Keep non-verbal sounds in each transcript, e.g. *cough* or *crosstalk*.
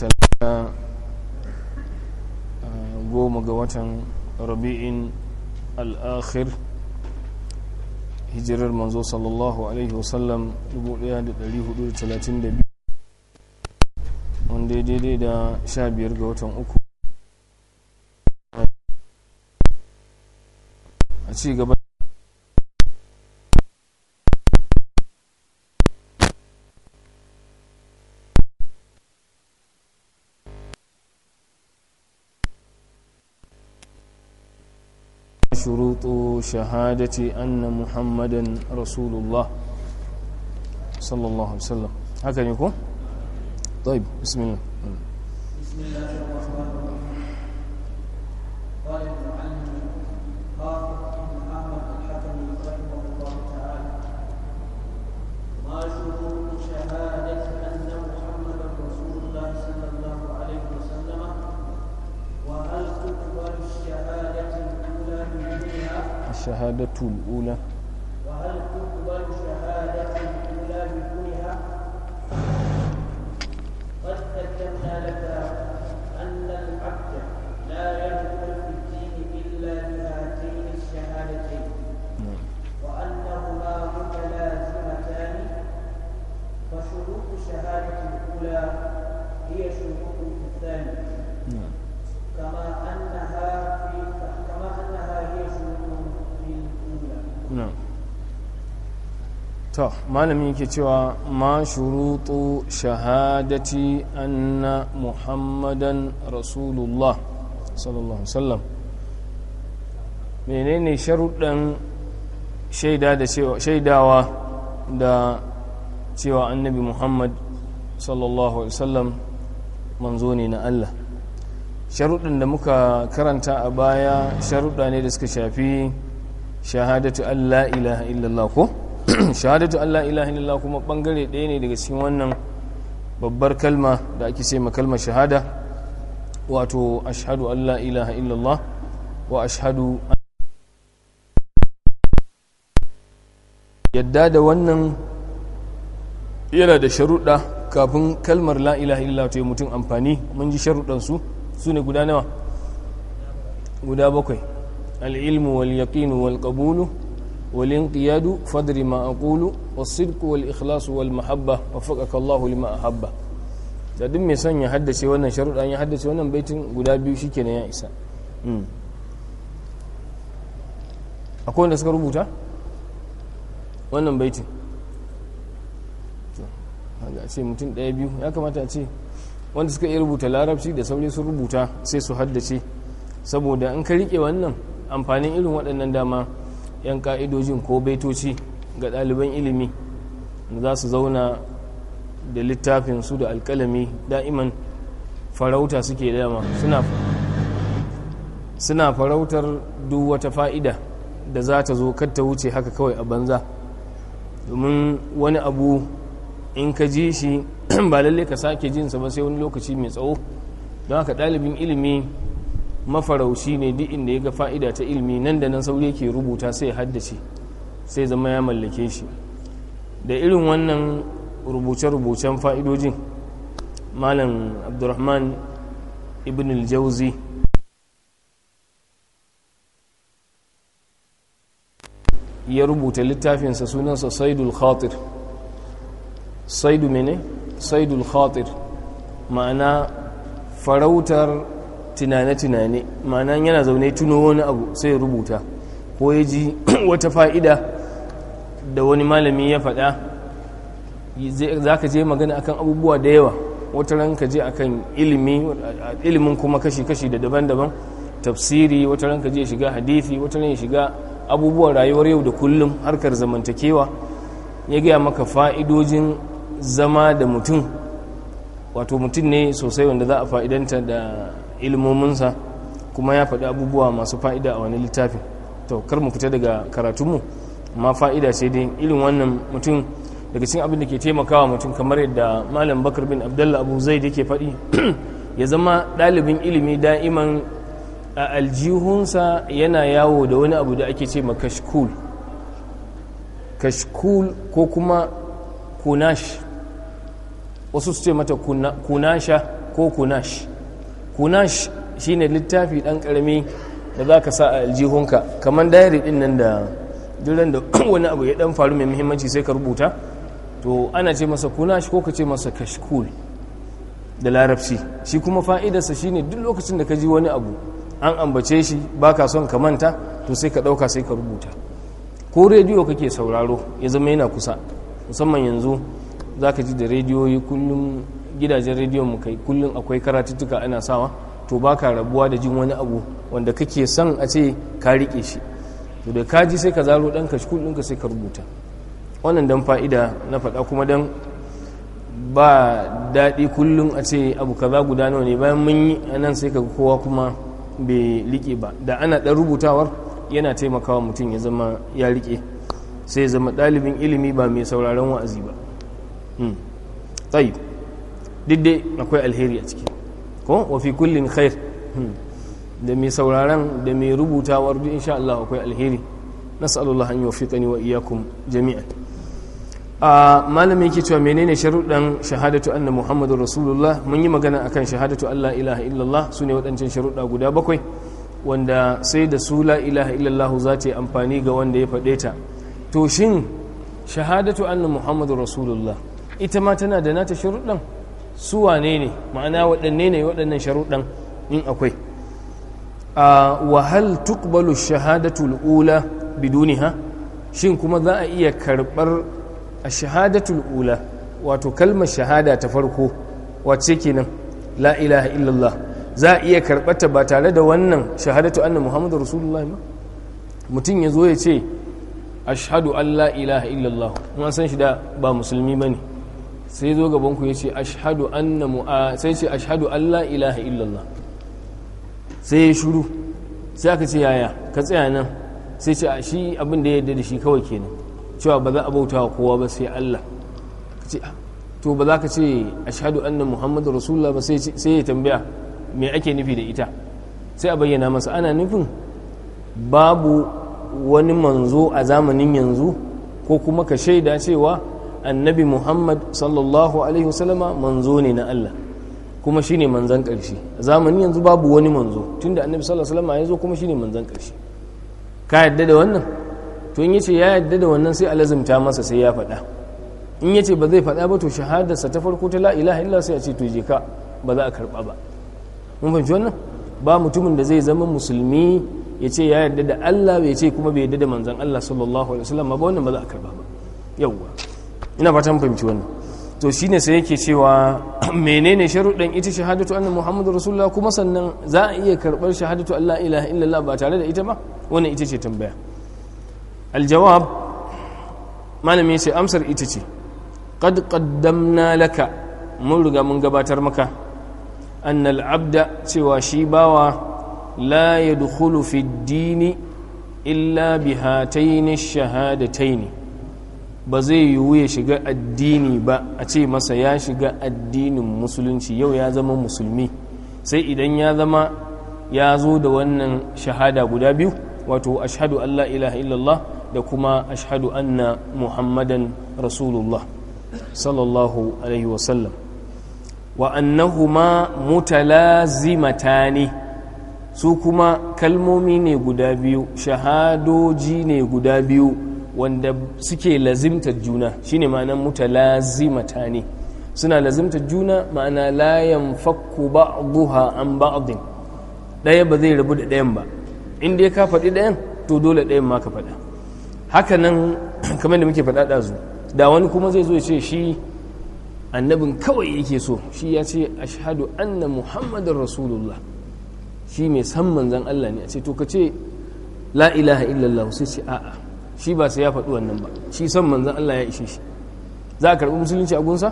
talata uh, goma ga watan rabi'in al'akhir hijirar manzo sallallahu alaihi wasallam 1432 wanda ya daidai da 15 ga watan uku a ci gaba shahadati anna muhammadan rasulullah sallallahu alaihi wasallam haka ne ko طيب بسم الله بسم الله الأولى to malami yake cewa ma shurutu shahadati anna muhammadan rasulullah sallallahu sallam menene sharuɗan shaidawa da cewa annabi muhammad sallallahu wasallam manzo ne na allah sharuɗin da muka karanta a baya sharuɗa ne da suka shafi shahadatu allah ilaha illallah ko *clears throat* shahadatu Allah ilaha illallah kuma bangare ɗaya ne daga cikin wannan babbar kalma da ake ce kalmar shahada wato ashhadu Allah ilaha illallah wa ashhadu yadda da wannan yana da sharuɗa kafin kalmar la ilaha illallah ta yi mutum amfani mun ji sharuɗansu su ne guda nawa guda bakwai al'ilmu wal yaqinu wal qabulu والانقياد فدر ما أقول والصدق والإخلاص والمحبة وفقك الله لما أحبه da duk mai son ya haddace wannan sharuɗan ya haddace wannan baitin guda biyu shi ya isa akwai wanda suka rubuta wannan baitin a ce mutum ɗaya biyu ya kamata a ce wanda suka iya rubuta larabci da sauri sun rubuta sai su haddace saboda an ka riƙe wannan amfanin irin waɗannan dama 'yan ka'idojin ko baitoci ga ɗaliban ilimi za su zauna da littafinsu da alkalami da'iman farauta suke dama suna farautar duk wata fa'ida da za ta zo ta wuce haka kawai a banza domin wani abu in ka ji shi *clears throat* ba lalle ka sake jinsa ba sai wani lokaci mai tsawo don haka ɗalibin ilimi mafarauci ne duk inda ya ga fa'ida ta ilmi nan da nan sauri yake rubuta sai haddace sai zama ya mallake shi da irin wannan rubuce-rubucen fa'idojin malam abdurrahman ibn al ya rubuta littafinsa sunansa saidul khatir saidu mene saidul khatir ma'ana farautar tunane-tunane ma'ana yana zaune tuno wani abu sai rubuta ko ya ji *clears throat* wata fa'ida da wani malami ya faɗa za ka je magana akan abubuwa da yawa wata ran ka je akan kan ilimin kuma kashi-kashi da daban-daban tafsiri wata ran ka je shiga hadithi wata ran shiga abubuwan rayuwar yau da kullum harkar zamantakewa ya gaya maka fa'idojin zama da mutum wato mutum ne sosai wanda za a fa'idanta da ilmominsa kuma ya faɗi abubuwa masu fa'ida a wani littafin to kar mu fita daga karatunmu amma fa'ida sai dai irin wannan mutum daga cikin abin da ke taimakawa mutum kamar yadda malam bakar bin abdalla abu zai da ke faɗi *clears throat* ya zama ɗalibin ilimi da'iman a aljihunsa yana yawo da wani abu da ake ce ma kashkul ko kuma kunash wasu su ce mata kunasha ko kunash kunash shine littafi dan karami da zaka sa a aljihunka kamar diary din nan da duran da *coughs* wani abu ya dan faru mai muhimmanci sai ka rubuta to ana ce masa kunash ko ka ce masa kashkul da larabci shi kuma fa'idarsa shine duk lokacin da ka ji wani abu an ambace shi baka son ka manta to sai ka dauka sai ka rubuta ko rediyo kake sauraro ya zama yana kusa musamman yanzu zaka ji da rediyoyi kullum gidajen rediyon mu kai kullum akwai karatuttuka ana sawa to baka rabuwa da jin wani abu wanda kake son a ce ka rike shi to da kaji sai ka zaro kashi shi ɗinka sai ka rubuta wannan dan fa'ida na faɗa kuma dan ba daɗi kullum a ce abu kaza guda nawa ne bayan mun yi anan sai ka kowa kuma bai rike ba da ana ɗan rubutawar yana taimakawa mutum ya zama ya rike sai ya zama ɗalibin ilimi ba mai sauraron wa'azi ba. طيب hmm. duk dai akwai alheri a ciki ko wa fi kullin khair hmm. da mai sauraron da mai rubutawar duk insha Allah akwai alheri na an yuwaffiqani wa iyyakum jami'an a malamin yake cewa menene sharuɗan shahadatu anna muhammadu rasulullah mun yi magana akan shahadatu allah ilaha illallah su ne waɗancan sharuɗa guda bakwai wanda sai da su la ilaha illallah za ta yi amfani ga wanda ya faɗe ta to shin shahadatu anna muhammadu rasulullah ita ma tana da nata sharuɗan su wanene ne ma'ana waɗanne ne waɗannan sharuɗan in akwai a wahal tukbalu shahadatul ula biduniha shin kuma za a iya karɓar a shahadatul ula wato kalmar shahada ta farko wace kenan la ilaha illallah za a iya karɓarta ba tare da wannan shahadatu annan muhammadu rasulullah mutum ya zo ya ce ashadu an la ilaha illallah kuma san shi da ba musulmi ba ne sai zo gaban ku yace ashhadu anna mu'a sai ce ashhadu alla ilaha illallah sai ya shuru sai aka ce yaya ka tsaya nan sai ce shi abin da ya yarda da shi kawai kenan cewa ba za a bauta wa kowa ba sai Allah ah, to ba za ka ce ashhadu anna muhammadu rasulullah ba sai ya tambaya me ake nufi da ita sai a bayyana masa ana nufin babu wani manzo a zamanin yanzu ko kuma ka shaida cewa annabi muhammad sallallahu alaihi wasallama manzo ne na allah kuma shine manzan karshe zamani yanzu babu wani manzo tunda annabi sallallahu alaihi wasallama ya zo kuma shine manzan karshe ka yadda da wannan to in yace ya yadda da wannan sai alazimta masa sai ya faɗa in yace ba zai faɗa ba to shahadarsa ta farko ta la ilaha illa sai a ce to je ka ba za a karɓa ba mun fahimci wannan ba mutumin da zai zama musulmi ya ce ya yarda da Allah ya ce kuma bai yarda da manzon Allah sallallahu alaihi wasallam ba wannan ba za a karba ba yawwa ina fatan fahimci wannan to shine sai yake cewa *clears throat* menene sharuɗin ita shahadatu annabi muhammadu rasulullah kuma sannan za a iya karɓar shahadatu allah ilaha illallah ba tare da ita ba wannan ita ce tambaya aljawab malami ce amsar ita ce qad qaddamna laka mun riga mun gabatar maka annal abda cewa shi bawa la yadkhulu fi dini illa bi hataini shahadataini ba zai yiwu ya shiga addini ba a ce masa ya shiga addinin musulunci yau ya zama musulmi sai idan ya zama ya zo da wannan shahada guda biyu wato ashadu allah ilaha illallah da kuma ashadu anna muhammadan rasulullah sallallahu alaihi wasallam wa annahuma ne su kuma kalmomi ne guda biyu shahadoji ne guda biyu wanda suke lazimtar juna shine ma'anar mutalazimata ne suna lazimtar juna ma'ana layan fakku guha an ba'din ɗaya ba zai rabu da ɗayan ba inda ya ka faɗi ɗayan to dole ɗayan ma ka faɗa haka nan *clears throat* kamar da muke faɗaɗa ɗazu da wani kuma zai zo ya ce shi annabin kawai yake so shi ya ce ashhadu anna muhammadin rasulullah shi mai san manzan allah ne a ce to ka ce la ilaha illallah sai ce a'a shi ba sai ya faɗi wannan ba shi son manzan Allah ya ishe shi za a karɓi musulunci a gunsa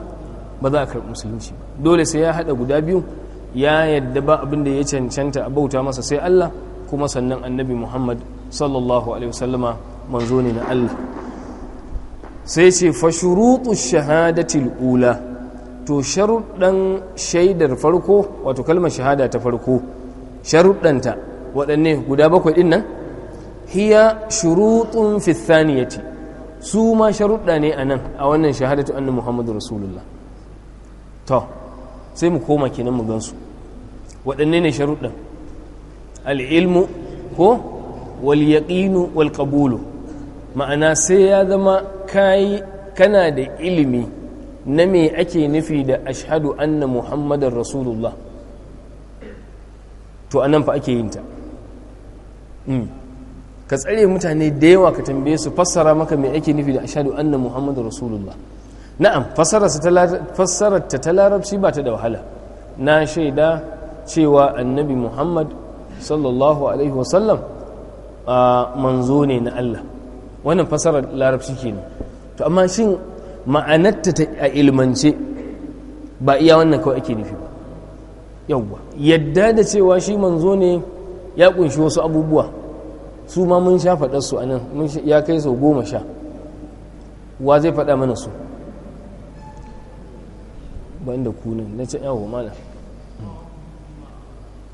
ba za a karɓi musulunci ba dole sai ya haɗa guda biyu ya yadda ba abin da ya cancanta a bauta masa sai Allah kuma sannan annabi Muhammad sallallahu alaihi wasallama manzo ne na Allah sai ce fa shurutu shahadatil ula to sharuɗan shaidar farko wato kalmar shahada ta farko sharuɗanta waɗanne guda bakwai ɗin nan hiya shurutun fi thaniyati su ma sharuɗa ne a nan a wannan shahadatu anna muhammadu rasulullah to sai mu koma kenan mu gansu waɗanne ne sharuɗan al ilmu ko wal yaqinu wal qabulu ma'ana sai ya zama kai kana da ilimi na me ake nufi da ashhadu anna muhammadar rasulullah to anan fa ake yin ta hmm. ka tsare mutane da yawa ka tambaye su fassara maka mai ake nufi da ashadu annan muhammadu rasulullah na'am fassarar ta ta larabci ba ta da wahala na shaida cewa annabi muhammad sallallahu alaihi wasallam manzo ne na allah wannan fassarar larabci kenan to amma shin ma'anarta ta a ilmance ba iya wannan kawai ake nufi ba yawwa yadda da cewa shi manzo ne ya ƙunshi wasu abubuwa su ma mun sha faɗar su anan mun ya kai sau goma sha wa zai faɗa mana su ban da kunan na ce yawon mana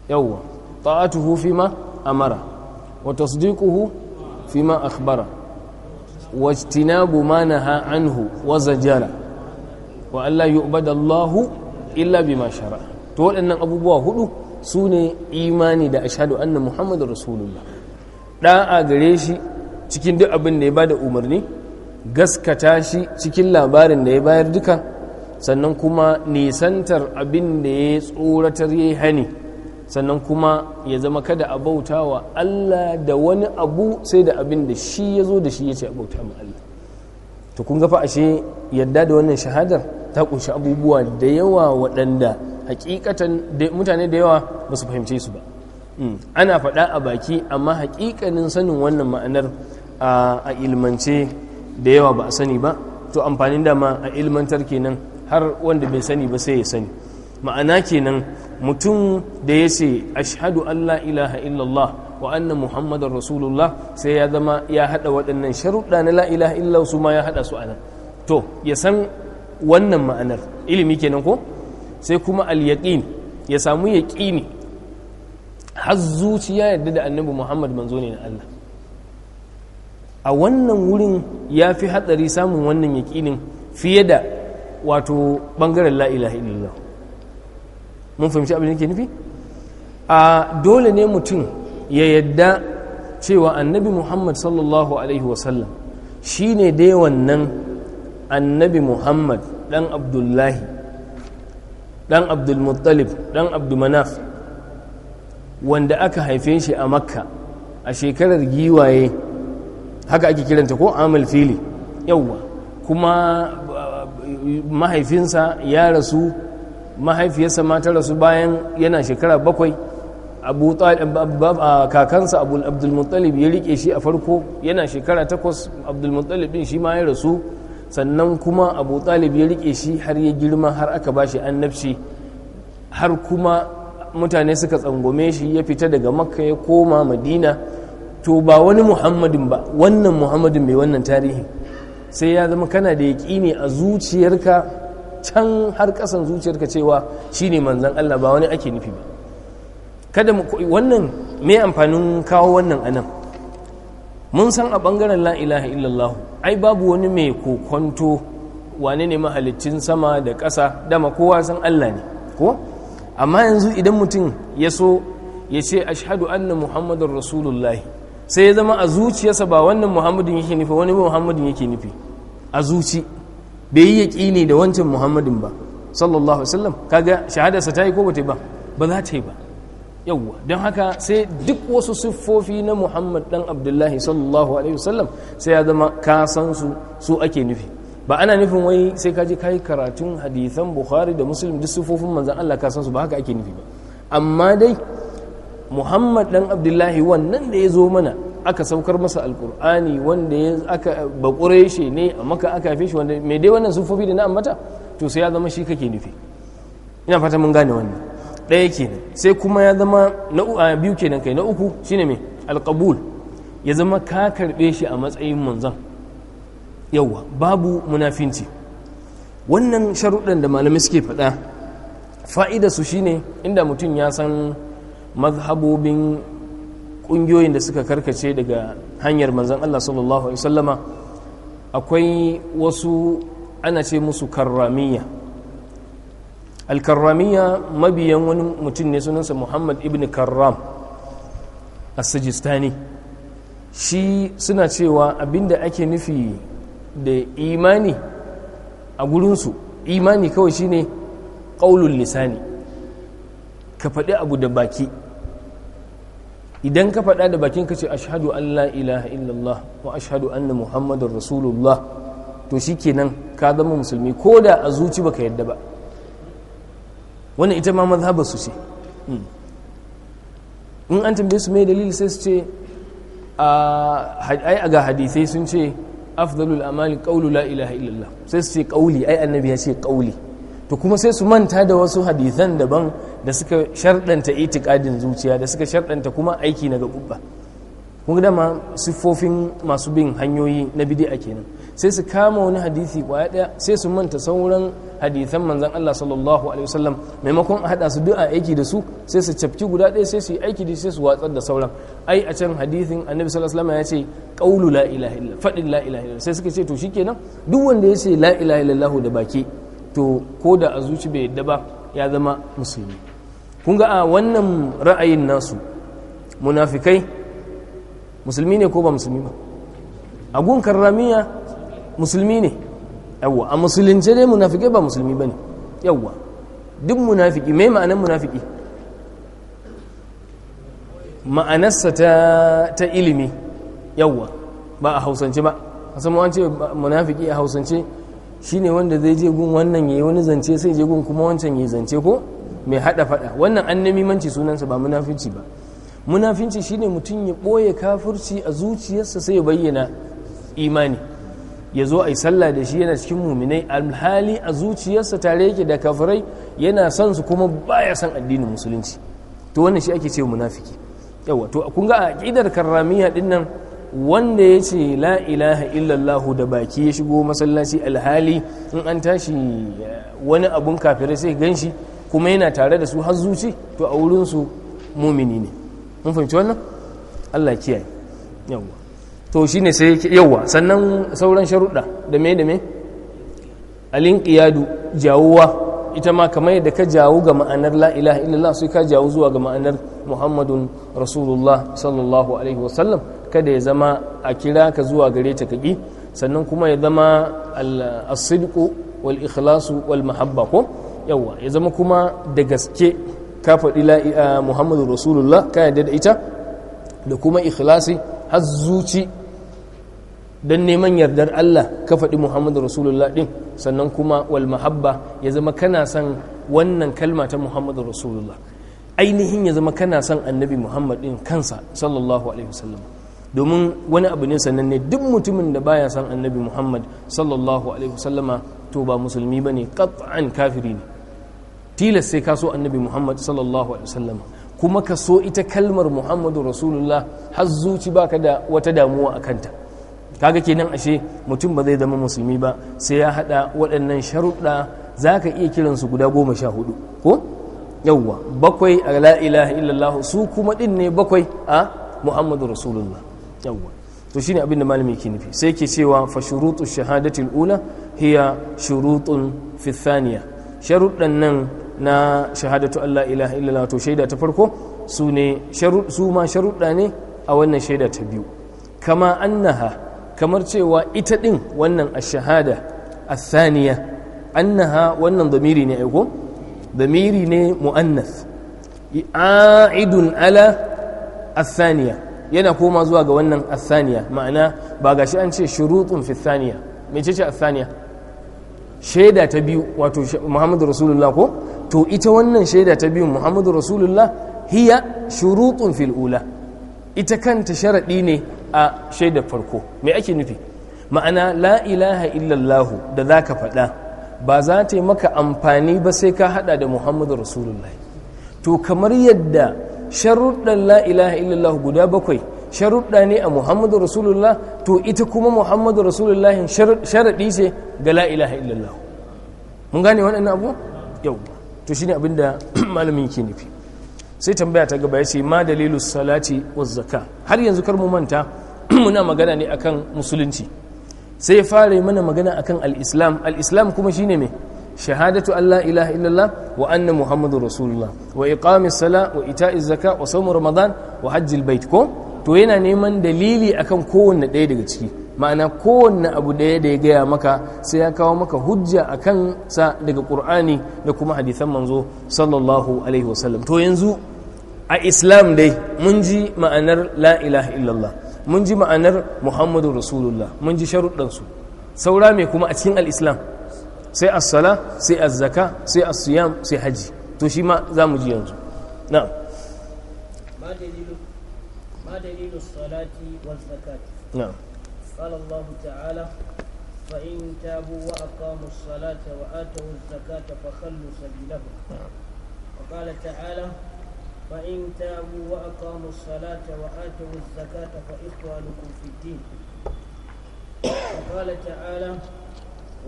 yawon ta'atuhu fi ma amara wa tasdiquhu fi ma akhbara wa ijtinabu ma naha anhu wa zajara wa allah yu'bada Allahu illa ma shara ta waɗannan abubuwa hudu su ne imani da ashhadu anna muhammadar rasulullah a gare shi cikin duk abin da ya bada umarni gaskata shi cikin labarin da ya bayar duka sannan kuma nisantar abin da ya tsoratar ya hani sannan kuma ya zama kada a bauta wa Allah da wani abu sai da abin da shi ya zo da shi ya ce a bauta ma Allah to kun gafa ashe yadda da wannan shahadar ta kunshi abubuwa da yawa waɗanda hakikatan mutane da yawa ba su fahimce su ba ana faɗa a baki amma haƙiƙanin sanin wannan ma'anar a ilmance da yawa ba a sani ba to amfanin dama a ilmantar kenan har wanda bai sani ba sai ya sani ma'ana kenan mutum da ya ce ashhadu allah ilaha illallah wa anna muhammadun rasulullah sai ya zama ya haɗa waɗannan sharuɗa na la illallah su ma ya haɗa su a nan to ya san wannan ma'anar ilimi kenan ko sai kuma al ya samu yaƙini har zuciya yadda da annabi muhammad manzo ne na allah a wannan wurin ya fi hatsari samun wannan yaƙinin fiye da wato ɓangaren la'ilaha illallah mun fahimci abin da ke nufi a dole ne mutum ya yadda cewa annabi muhammad sallallahu alaihi wasallam shi ne dai wannan annabi muhammad ɗan abdullahi ɗan abdulmuttalib ɗan abdulmanaf wanda aka haife shi a makka a shekarar giwaye haka ake kiranta ko amal fili yawwa kuma uh, mahaifinsa ya rasu mahaifiyarsa ma ta rasu bayan yana shekara bakwai kakansa abdulmuttalib ya rike shi a farko yana shekara takwas abdulmuttalib din shi ma ya rasu sannan kuma abu talib ya rike shi har ya girma har aka bashi annabci har kuma mutane suka tsangome shi ya fita daga makka ya koma madina to ba wani muhammadin ba wannan muhammadin mai wannan tarihi sai ya zama kana da yaƙini a zuciyarka can har ƙasan zuciyarka cewa shi ne manzan Allah ba wani ake nufi ba kada wannan mai amfanin kawo wannan anan mun san a ɓangaren lailaha ilaha illallah ai babu wani mai kokonto wane ne mahalicin sama da ƙasa dama kowa san Allah ne ko amma yanzu idan mutum ya so ya ce ashadu anna muhammadar rasulullahi sai ya zama a zuciyarsa ba wannan muhammadin yake nufi wani muhammadin yake nufi a zuci bai yi ne da wancan muhammadin ba sallallahu alaihi wasallam kaga shahadarsa ta yi ko bata ba ba za ta yi ba yawwa don haka sai duk wasu siffofi na muhammad dan abdullahi sallallahu alaihi wasallam sai ya zama ka san su su ake nufi ba ana nufin wai sai ka ji kai karatun hadisan bukhari da muslim duk sufofin manzan Allah ka san su ba haka ake nufi ba amma dai muhammad dan abdullahi wannan da ya zo mana aka saukar masa alkur'ani wanda ya aka bakure shi ne a maka aka fi shi wanda mai dai wannan sufofi da na ambata to sai ya zama shi kake nufi ina fata mun gane wannan ɗaya kenan sai kuma ya zama na biyu kenan kai na uku shine me alkabul ya zama ka karbe shi a matsayin manzan. yauwa babu munafinci wannan sharuɗan da malamai suke faɗa fa'ida su shine inda mutum ya san mazhabobin ƙungiyoyin da suka karkace daga hanyar manzan Allah sallallahu Alaihi wasallama akwai wasu ana ce musu karramiya alkarramiya mabiyan wani mutum ne sunansa muhammad ibn karram a sajistani shi suna cewa abinda ake nufi da imani a gurinsu imani kawai shine ƙaulun lisani ka faɗi abu da baki idan ka faɗa da bakin ka ce ashadu an la ilaha illallah wa an na muhammadun rasulullah to shi nan ka zama musulmi ko da a zuci baka yadda ba wani ita ma mazhabar su ce hmm. in an tambaye su mai dalili sai su ce ah, a ga hadisai sun ce afdalul amali qawlu la ilaha illallah sai su ce qawli ai annabi ya ce qawli to kuma sai su manta da wasu hadithan daban da suka shardanta itikadin zuciya da suka shardanta kuma aiki na gabubba kun ga dama siffofin masu bin hanyoyi na bid'a kenan sai su kama wani hadisi kwaya daya sai su manta sauran hadisan manzon Allah sallallahu alaihi wasallam maimakon a haɗa su duk a aiki da su sai su cafki guda daya sai su yi aiki da sai su watsar da sauran ai a can hadisin annabi sallallahu alaihi wasallam ya ce qaulu la ilaha illallah fadin la ilaha illallah sai suka ce to shikenan duk wanda ya ce la ilaha illallah da baki to ko da a zuci bai yadda ba ya zama musulmi kun ga a wannan ra'ayin nasu munafikai musulmi ne ko ba musulmi ba a gun karramiya musulmi ne yawwa a musulunce dai munafiki ba musulmi ba ne yawwa duk munafiki mai ma'anar munafiki ma'anarsa ta ilimi yawwa ba a hausance ba a samu an ce munafiki a hausance shine wanda zai je gun wannan yayi wani zance sai je gun kuma wancan yayi zance ko mai hada fada wannan an annamimanci sunansa ba munafici ba munafinci shine mutum ya boye kafurci a zuciyarsa sai ya bayyana imani ya zo a yi sallah da shi yana cikin muminai alhali a zuciyarsa tare yake da kafirai yana son su kuma baya son addinin musulunci to wannan shi ake ce munafiki yawa to kun ga aqidar karramiya din nan wanda ya ce la ilaha illallahu da baki ya shigo masallaci alhali in an tashi eh, wani abun kafirai sai ganshi kuma yana tare da su har zuci to a wurin su mumini ne mun fahimci wannan Allah kiyaye yawa to shine sai yauwa sannan sauran sharuɗa da me da me ƙiyadu jawuwa ita ma kamar yadda ka jawo ga ma'anar la'ilaha ilaha illallah ka jawo zuwa ga ma'anar muhammadun rasulullah sallallahu alaihi wasallam kada ya zama a kira ka zuwa gare ta kaki sannan kuma ya zama al-sidqu wal ikhlasu wal mahabba ko yawa ya zama kuma da gaske ka faɗi la muhammadun rasulullah ka yadda da ita da kuma ikhlasi har zuci don neman yardar Allah ka faɗi Muhammadu Rasulullah ɗin sannan kuma wal mahabba ya zama kana son wannan kalma ta Muhammadu Rasulullah ainihin ya zama kana son annabi Muhammad ɗin kansa sallallahu alaihi wasallam domin wani abu ne sannan ne duk mutumin da baya son annabi Muhammad sallallahu alaihi wasallama to ba musulmi bane qat'an kafiri ne tilas sai ka so annabi Muhammad sallallahu alaihi wasallama kuma ka so ita kalmar Muhammadu Rasulullah har zuci baka da wata damuwa a kanta kaga kenan ashe mutum ba zai zama musulmi ba sai ya hada waɗannan sharuɗa za ka iya kiransu guda goma sha hudu ko yawwa bakwai a la illallah su kuma ɗin ne bakwai a muhammadu rasulullah yawwa to shine abin da malami ke nufi sai ke cewa fa shurutu shahadati ula hiya shurutun fi thaniya sharuɗan nan na shahadatu allah ilaha illallah to shaida ta farko su ne su ma sharuɗa ne a wannan shaida ta biyu kama annaha kamar cewa ita ɗin wannan a shahada a saniya annaha wannan damiri ne aiko damiri ne mu'annas a'idun ala asaniya yana koma zuwa ga wannan asaniya ma'ana ba ga shi an ce shurutun fi saniya mai ce ce saniya? shaida ta biyu wato muhammadu rasulullah ko to ita wannan shaida ta biyu muhammadu rasulullah hiya shurutun fil ula ita kanta sharaɗi ne a shaida farko me ake nufi ma'ana la ilaha illallah da za ka faɗa ba za ta yi maka amfani ba sai ka haɗa da muhammadu rasulullah to kamar yadda sharuɗan la ilaha illallah guda bakwai sharuɗa ne a muhammadu rasulullah to ita kuma muhammadu rasulullah sharaɗi ce ga la ilaha illallah mun gane waɗannan abu yau to shine abin da *clears throat* malamin ke nufi sai tambaya ta gaba ya ce ma dalilu salati wa zaka har yanzu kar mu manta *clears throat* muna magana ne akan musulunci sai fara mana magana akan al-islam al-islam kuma shine me shahadatu Allah ilaha illallah wa anna muhammadu rasulullah wa iqamis sala wa ita'iz zaka wa sawm ramadan wa hajjil bait ko to yana neman dalili akan kowanne ɗaya daga ciki ma'ana kowanne abu daya da ya gaya maka sai ya kawo maka hujja a kansa daga ƙur'ani da kuma hadithan manzo sallallahu alaihi wasallam to yanzu a islam dai mun ji ma'anar la ilaha illallah mun ji ma'anar muhammadu rasulullah mun ji sharuɗansu saura mai kuma a cikin al'islam sai as-sala sai az-zaka sai as-siyam sai haji to shi ma za mu ji yanzu na'am ما دليل الصلاة والزكاة نعم قال الله تعالى فإن تابوا وأقاموا الصلاة وآتوا الزكاة فخلوا سبيلهم نعم وقال تعالى فإن تابوا وأقاموا الصلاة وآتوا الزكاة فإخوانكم في الدين وقال تعالى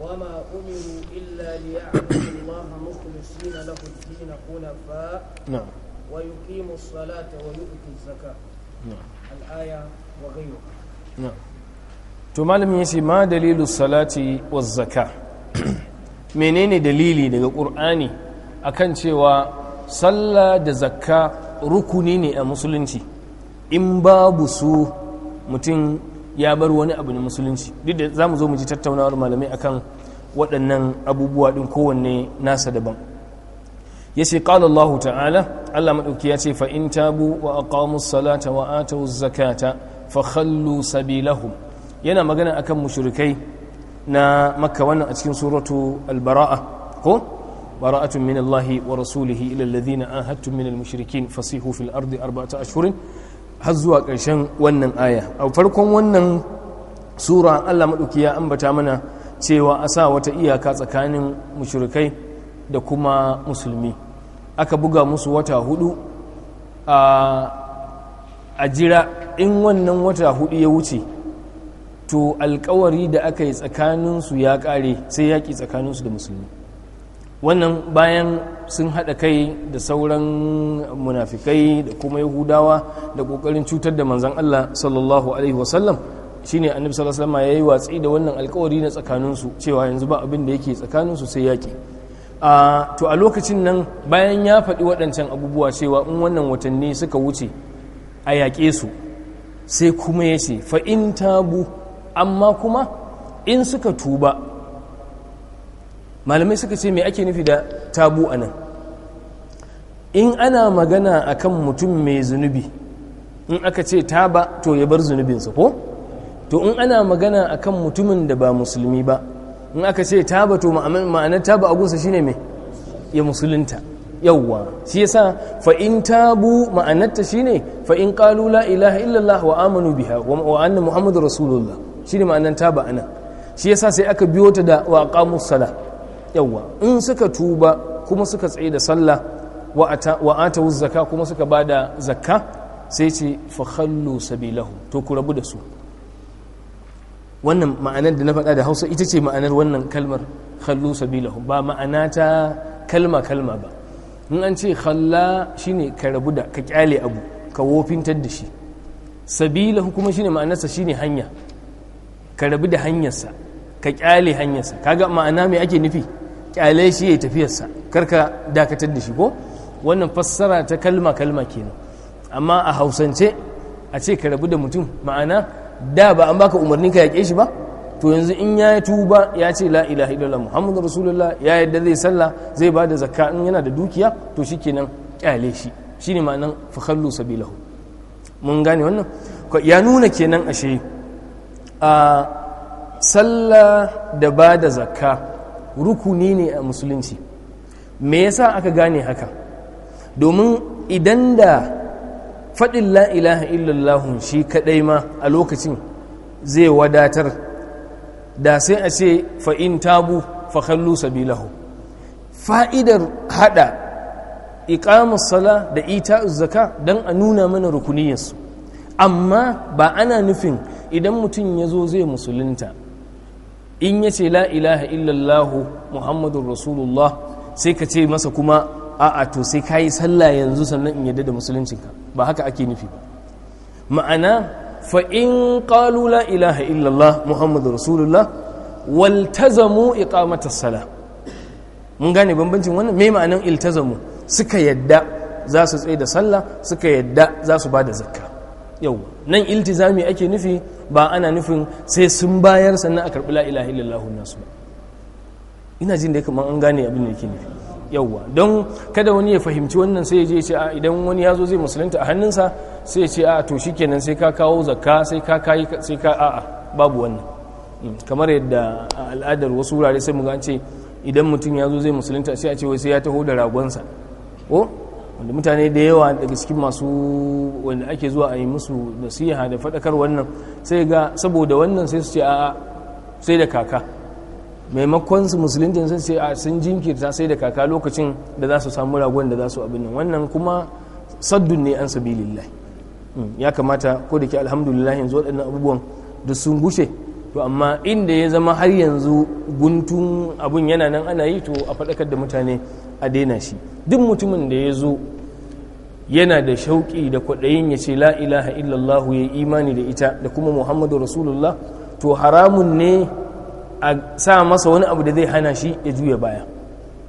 وما أمروا إلا ليعبدوا الله مخلصين له الدين حنفاء ويقيموا الصلاة ويؤتوا الزكاة الآية وغيرها نعم to malamin yace ma dalilu salati wa zaka menene dalili daga qur'ani akan cewa sallah da zakka rukuni ne a musulunci in babu su mutum ya bar wani abu ne musulunci duk da za mu zo mu ji tattaunawar malamai akan waɗannan abubuwa ɗin kowanne nasa daban ya ce Allah ta'ala Allah maɗauki ya ce fa'in tabu wa aqamu salata wa atawu zakata fa khallu sabilahum yana magana akan mushrikai na makka wannan a cikin suratu albara'a ko bara'atun من Allah wa rasulihi الذين an من min al في fasihu fil اشهر arba'ata ashhurin har zuwa ƙarshen wannan aya a farkon wannan sura Allah madauki ya ambata mana cewa a sa wata iyaka tsakanin mushrikai da kuma musulmi aka buga musu wata hudu a jira in wannan wata hudu ya wuce to alkawari da aka yi tsakaninsu ya ƙare sai yaƙi tsakaninsu da musulmi wannan bayan sun haɗa kai da sauran munafikai da kuma yahudawa da ƙoƙarin cutar da manzan Allah sallallahu alaihi wasallam shine annabi sallallahu alaihi wasallam yi watsi da wannan alkawari na tsakaninsu cewa yanzu ba abin da yake tsakaninsu sai yaƙi a to a lokacin nan bayan ya faɗi waɗancan abubuwa cewa in wannan watanni suka wuce a yaƙe su sai kuma ya ce fa in tabu amma kuma in suka tuba malamai suka ce me ake nufi da tabu a nan in ana magana a kan mutum mai zunubi in aka ce taba to ya bar zunubinsa ko to in ana magana a kan mutumin da ba musulmi ba in aka ce taba to ma'anar taba a agunsa shine me ya musulunta yawwa shi yasa fa in tabu ma'anarta shine fa in qalu la ilaha illallah wa amanu biha wa anna muhammadur rasulullah shine ma'anar taba anan shi yasa sai aka biyo ta da wa aqamus salah yawa in suka tuba kuma suka tsaye da sallah wa atawu zakka kuma suka bada zakka sai ce fa khallu sabilahu to ku rabu da su wannan ma'anar da na faɗa da hausa ita ce ma'anar wannan kalmar khallu sabilahu ba ma'ana ta kalma kalma ba in an ce khalla shine ka rabu da ka kyale abu ka wofintar da shi sabilahu kuma shine ma'anarsa shine hanya ka rabu da hanyarsa ka kyale hanyarsa kaga ma'ana me ake nufi kyale shi ya tafiyarsa karka dakatar da shi ko wannan fassara ta kalma kalma kenan amma a hausance a ce ka rabu da mutum ma'ana da ba an baka umarnin ka yaƙe shi ba to yanzu in ya yi tuba ya ce la ilaha illallah muhammadu rasulullah ya yadda zai sallah zai ba da zakka in yana da dukiya to shi kyale shi shine ma'anan fakhallu sabilahu mun gane wannan ya nuna kenan ashe a sallah da ba da zakka rukuni ne a musulunci me yasa aka gane haka domin idan da faɗin la ilaha illallahun shi kaɗai ma a lokacin zai wadatar da sai a ce fa'in tabu fakallu sabilahu fa'idar haɗa iƙamus sala da ita zaka don a nuna mana rukuniyarsu amma ba ana nufin idan mutum ya zo zai musulunta in ya ce la ilaha illallahu muhammadun rasulullah sai ka ce masa kuma a'a to sai ka yi sallah yanzu sannan in yadda da musuluncinka ba haka ake nufi ba ma'ana fa in qalu la ilaha illallah muhammadun rasulullah waltazamu iqamata sala mun gane bambancin wannan me ma'anan iltazamu suka yadda za su tsaye da sallah suka yadda za su ba da zakka yau nan iltizami ake nufi ba ana nufin sai sun bayar sannan a karɓi la'ila lallahu nasu ba ina jin da kamar an gane abin da yake nufi yauwa don kada wani ya fahimci wannan sai ya je ce a idan wani ya zo zai musulunta a hannunsa sai ya ce a to shi kenan sai ka kawo zakka sai ka kayi sai ka a'a babu wannan hmm. kamar yadda a al'adar wasu wurare sai mu ga ce idan mutum ya zo zai musulunta sai a ce wai sai ya taho da ragonsa ko wanda mutane da yawa daga cikin masu wanda ake zuwa a yi musu nasiha da faɗakar wannan sai ga saboda wannan sai su ce a'a sai da kaka maimakon su musulunci sun ce a sun jinkirta sai da kaka lokacin da za su samu ragon da za su abin nan wannan kuma saddun ne an sabilillah hmm, ya kamata ko da ke alhamdulillah yanzu waɗannan abubuwan da sun gushe to amma inda ya zama har yanzu guntun abun yana nan ana yi to a faɗakar da mutane a daina shi duk mutumin da ya zo yana da shauƙi da kwaɗayin ya ce la ilaha illallahu ya imani da ita da kuma muhammadu rasulullah to haramun ne a sa masa wani abu da zai hana shi ya juya baya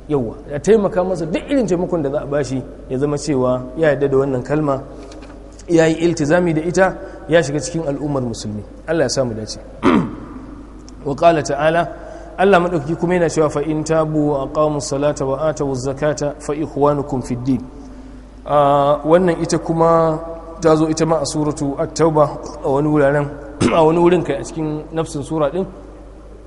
yauwa ya taimaka masa duk irin taimakon da za a bashi ya zama cewa ya yadda da wannan kalma ya yi iltizami da ita ya shiga cikin al'ummar musulmi allah ya samu dace *clears throat* wa Allah madaukaki kuma yana cewa fa in tabu a ƙawon salata wa atu zakata fa ikhwanukum fid fiddi. Ah, wannan ita kuma ta zo ita ma a suratu at-tauba a wani wuraren *clears throat* a wani wurin kai a cikin nafsin sura din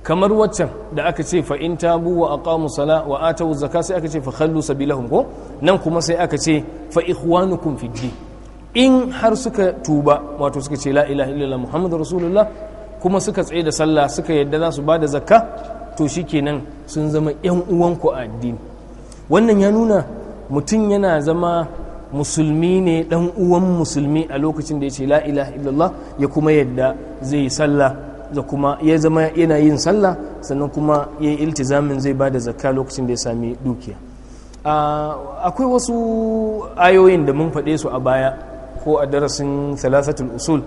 kamar waccan da aka ce fa in tabu wa aqamu sala wa atu zakata sai aka ce fa khallu sabilahum ko nan kuma sai aka ce fa ikhwanukum fid din in har suka tuba wato suka ce la ilaha illallah muhammadur rasulullah kuma suka tsaye da sallah suka yadda za su ba da zakka to shi kenan sun zama 'yan uwanku a addini wannan ya nuna mutum yana zama musulmi ne dan uwan musulmi a lokacin da ya ce la illallah ya kuma yadda zai yi sallah da kuma ya zama yana yin sallah sannan kuma ya yi iltizamin zai ba da zakka lokacin da ya sami dukiya akwai wasu ayoyin da mun faɗe su a baya ko a darasin salasatul usul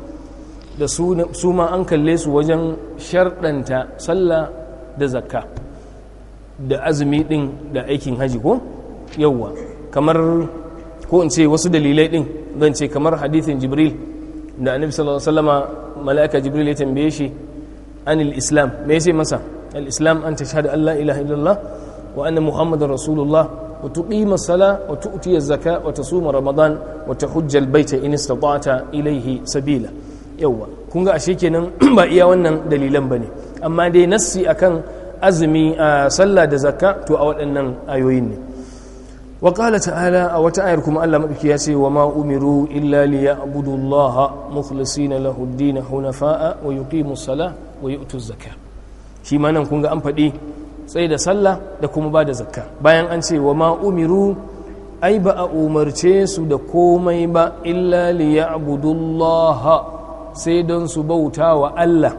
da su ma an kalle su wajen sharɗanta sallah da zakka da azumi din da aikin haji ko yawwa kamar ko in ce wasu dalilai din zan ce kamar hadithin jibril da annabi sallallahu alaihi wasallama mala'ika jibril ya tambaye shi anil islam me yace masa al islam an tashhadu an la ilaha illallah wa anna muhammadar rasulullah wa tuqima sala wa tu'ti zaka wa tasuma ramadan wa tahujja al baita in istata'ta ilayhi sabila yawwa kun ga ashe kenan *clears throat* ba iya wannan dalilan bane amma dai nassi akan azumi a sallah da zakka to a waɗannan ayoyin ne wa qala ta'ala a wata ayar kuma Allah madauki ya ce wa ma umiru illa li ya'budu Allah mukhlisina lahu ad-din hunafa'a wa yuqimu salah wa yu'tu zakka shi ma nan kun ga an faɗi sai da sallah da kuma ba da zakka bayan an ce wa ma umiru ai ba a umarce su da komai ba illa li ya'budu Allah sai don su bauta wa Allah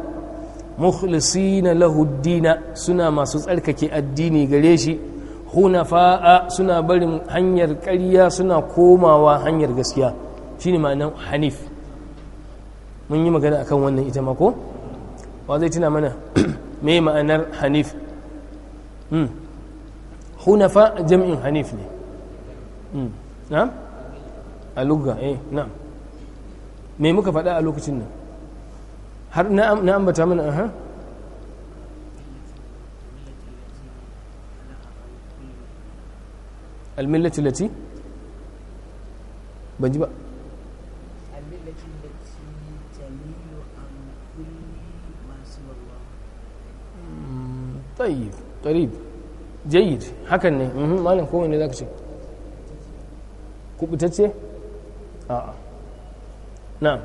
mukhlisina lahu dina suna masu tsarkake addini gare shi hunafa'a suna barin hanyar ƙarya suna komawa hanyar gaskiya shine ma'anar hanif mun yi magana akan wannan ita mako wa zai tuna mana *clears throat* me ma'anar hanif hmm. hunafa jam'in hanif ne hmm. na a lugga eh na me muka faɗa a lokacin nan har na na ambata mana aha al millati lati ban ji ba tayyib قريب jayyid hakan ne malam ko za zaka ce kubutacce a'a na'am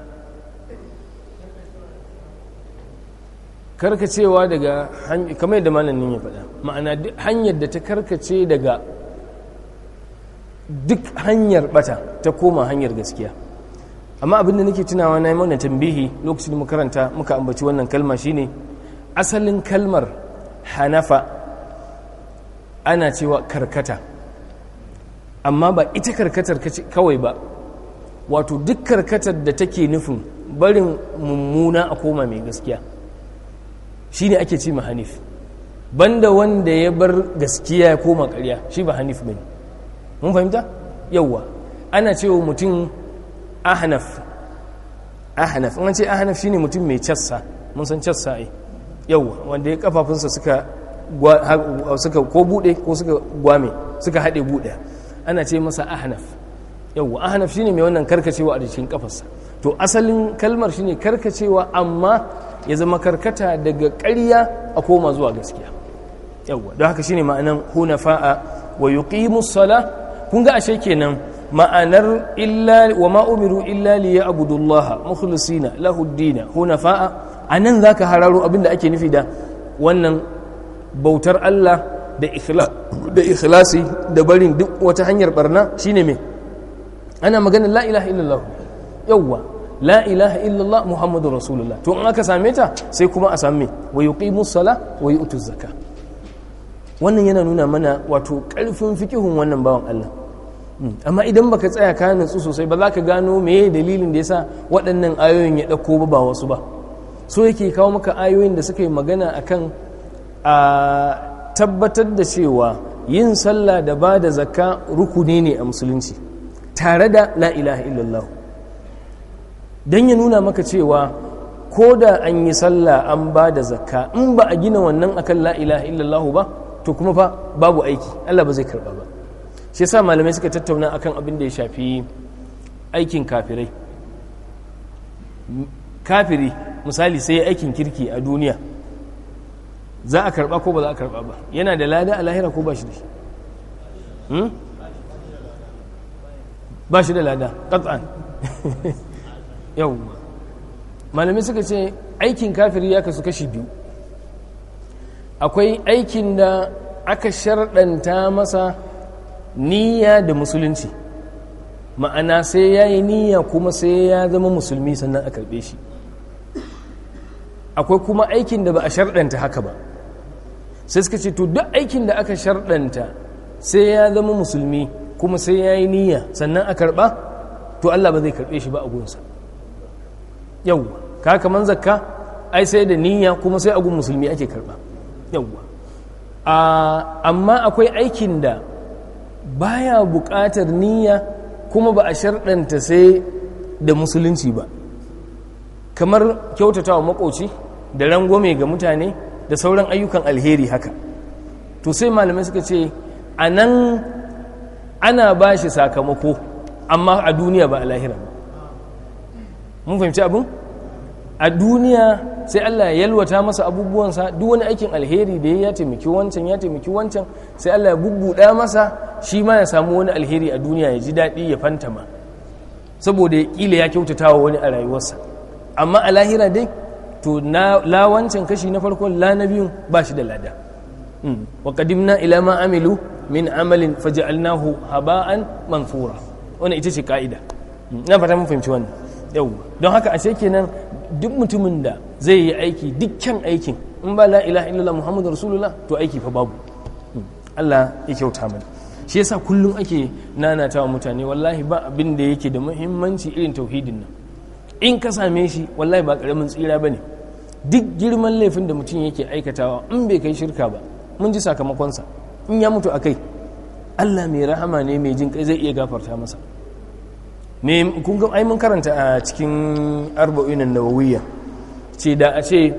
karkacewa daga kamar yadda malamin ya faɗa ma'ana hanyar da ta karkace daga duk hanyar bata ta koma hanyar gaskiya amma abin da nake tunawa na yi mana tambihi lokacin makaranta muka ambaci wannan kalma shine asalin kalmar hanafa ana cewa karkata amma ba ita karkatar kawai ba wato duk karkatar da take nufin barin mummuna a koma mai gaskiya shine ake ci ma hanif banda wanda ya bar gaskiya ya koma ƙarya shi ba hanif mai mun fahimta yawwa ana cewa mutum ahnaf ahnaf an ce ahnaf shine mutum mai cassa mun san cassa ai yawwa wanda ya kafafunsa suka suka ko bude ko suka gwame suka haɗe buɗe ana ce masa ahnaf ahanaf ahnaf shine mai wannan karkacewa a jikin kafarsa to asalin kalmar shine karkacewa amma ya zama karkata daga ƙarya a koma zuwa gaskiya yawwa don haka shine ma'anan hunafa'a wa yuqimus sala kun ga ashe kenan ma'anar illa wa ma umiru illa li ya'budullaha mukhlisina lahu ad-din hunafa'a anan zaka hararo abinda ake nufi da wannan bautar Allah da ikhlas da ikhlasi da barin duk wata hanyar barna shine me ana magana la ilaha illallah yawwa la ilaha illallah muhammadu rasulullah to in aka same ta sai kuma a same wa yuqimu sala wa yu'tu zakka wannan yana nuna mana wato karfin fikihun wannan bawan Allah hmm. amma idan baka tsaya ka nutsu sosai ba za ka gano meye dalilin da yasa waɗannan ayoyin ya ɗauko ba wasu ba so yake kawo maka ayoyin da suka yi magana akan a tabbatar da cewa yin sallah da ba da zakka rukuni ne a musulunci tare da la illallah don ya nuna maka cewa ko da an yi sallah an ba da zakka in ba a gina wannan akan la ilaha illallah ba to kuma fa babu aiki Allah ba zai karba ba shi yasa malamai suka tattauna akan abin da ya shafi aikin kafirai kafiri misali sai ya aikin kirki a duniya za a karba ko ba za a karba ba yana da lada a lahira ko ba shi da shi hmm? ba shi da lada ƙat'an *laughs* yawwa malamai suka ce aikin kafiri ya kasu kashi biyu akwai aikin da aka sharɗanta masa niyya da musulunci ma'ana sai ya yi niyya kuma sai ya zama musulmi sannan a karɓe shi akwai kuma aikin da ba a sharɗanta haka ba sai suka ce to duk aikin da aka sharɗanta sai ya zama musulmi kuma sai ya yi niyya sannan a karɓa to allah ba zai karɓe shi ba a gunsa yawwa ka man zakka ai sai da niyya kuma sai agun musulmi ake karba yawwa amma akwai aikin da baya buƙatar niyya kuma ba a sharɗanta sai da musulunci ba kamar kyautata wa makoci da rangome ga mutane da sauran ayyukan alheri haka to sai malamai suka ce a nan ana ba shi sakamako amma a duniya ba a lahira ba mun fahimci abin a duniya sai Allah ya yalwata masa abubuwansa duk wani aikin alheri da ya taimaki wancan ya taimaki wancan sai Allah ya bubbuɗa masa shi ma ya samu wani alheri a duniya ya ji daɗi ya fantama saboda ya ƙila ya kyautata wa wani a rayuwarsa amma a lahira dai to la wancan kashi na farko la na biyun ba shi da lada hmm. wa qadimna ila ma amilu min amalin faja'alnahu haba'an manthura wannan ita ce ka'ida hmm. na fata mun fahimci wannan yau don haka ashe kenan duk mutumin da zai yi aiki dukkan aikin in ba la ilaha illallah muhammadu rasulullah to aiki fa babu hmm. Allah ya kyauta mana shi yasa kullum ake nanatawa mutane wallahi ba abin da yake da muhimmanci irin tauhidin nan in ka same shi wallahi ba karamin tsira bane duk girman laifin da mutum yake aikatawa in bai kai shirka ba mun ji sakamakonsa in ya mutu a kai Allah mai rahama ne mai jin kai zai iya gafarta masa ne kun ga ai mun karanta a cikin arba'in nawawiyya ce da a ce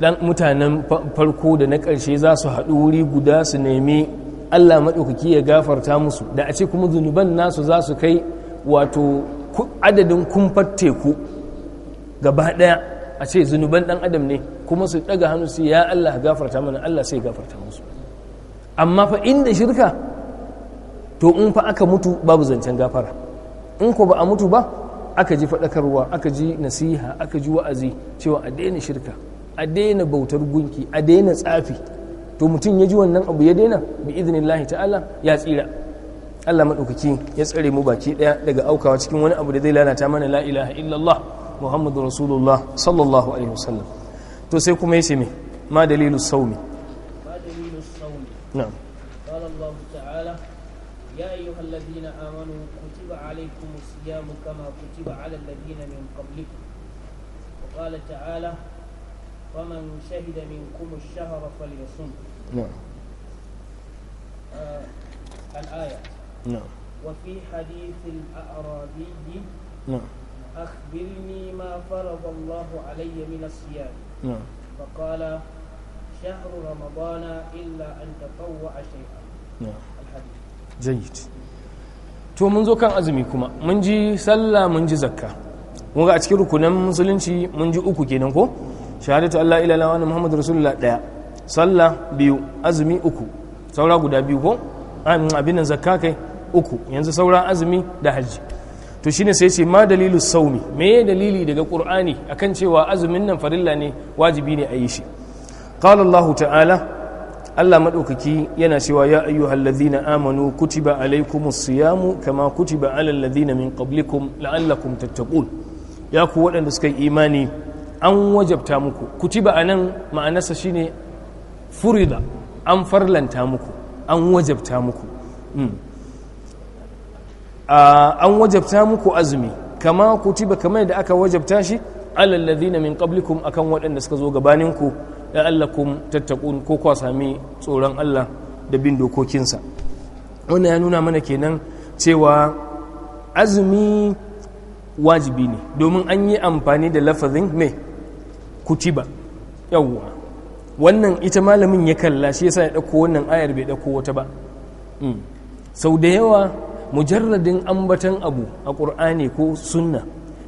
dan mutanen farko da na ƙarshe za su haɗu wuri guda su nemi Allah maɗaukaki ya gafarta musu da a ce kuma zunuban nasu za su kai wato adadin kumfar teku gaba ɗaya a ce zunuban ɗan adam ne kuma su ɗaga hannu su ya Allah gafarta mana Allah sai gafarta musu amma fa inda shirka to in fa aka mutu babu zancen gafara in ko ba a mutu ba aka ji faɗakarwa aka ji nasiha aka ji wa'azi cewa a daina shirka a daina bautar gunki a daina tsafi to mutum ya ji wannan abu ya daina bi lahi ta'ala ya tsira Allah maɗaukaki ya tsare mu baki ɗaya daga aukawa cikin wani abu da zai lalata mana la ilaha illallah muhammadu rasulullah sallallahu alaihi wasallam to sai kuma ya ce me ma dalilu saumi ma dalilu saumi na'am الصيام كما كتب على الذين من قبلكم وقال تعالى فمن شهد منكم الشهر فليصم نعم آه الآية نعم وفي حديث الأعرابي نعم أخبرني ما فرض الله علي من الصيام نعم فقال شهر رمضان إلا أن تطوع شيئا نعم الحديث جيد to mun zo kan azumi kuma mun ji sallah mun ji zakka mun ga a cikin rukunan musulunci mun ji uku kenan ko shahadatu Allah ila la na Muhammadu Rasulullah daya sallah biyu azumi uku saura guda biyu ko abin nan zakka kai uku yanzu saura azumi da hajji to shine sai ce ma dalilu saumi me dalili daga qur'ani akan cewa azumin nan farilla ne wajibi ne a yi shi qala Allah ta'ala Allah maɗaukaki yana cewa ya ayyuhal ladhina amanu kutiba alaikumus siyamu kama kutiba alal ladhina min qablikum la'allakum tattaqun ya ku waɗanda suka yi imani an wajabta muku kutiba anan ma'anarsa shine furida an farlanta muku an wajabta muku hmm. an wajabta muku azumi kama kutiba kamar da aka wajabta shi alal ladhina min qablikum akan waɗanda suka zo gabaninku ya la'allakum tattakun ko kwa sami tsoron Allah da bin dokokinsa wannan ya nuna mana kenan cewa azumi wajibi ne domin an yi amfani da lafazin mai kutiba yawwa wannan ita malamin ya kalla shi yasa ya dauko wannan ayar bai dauko wata ba hmm. sau da yawa mujarradin ambatan abu a ƙur'ani ko sunna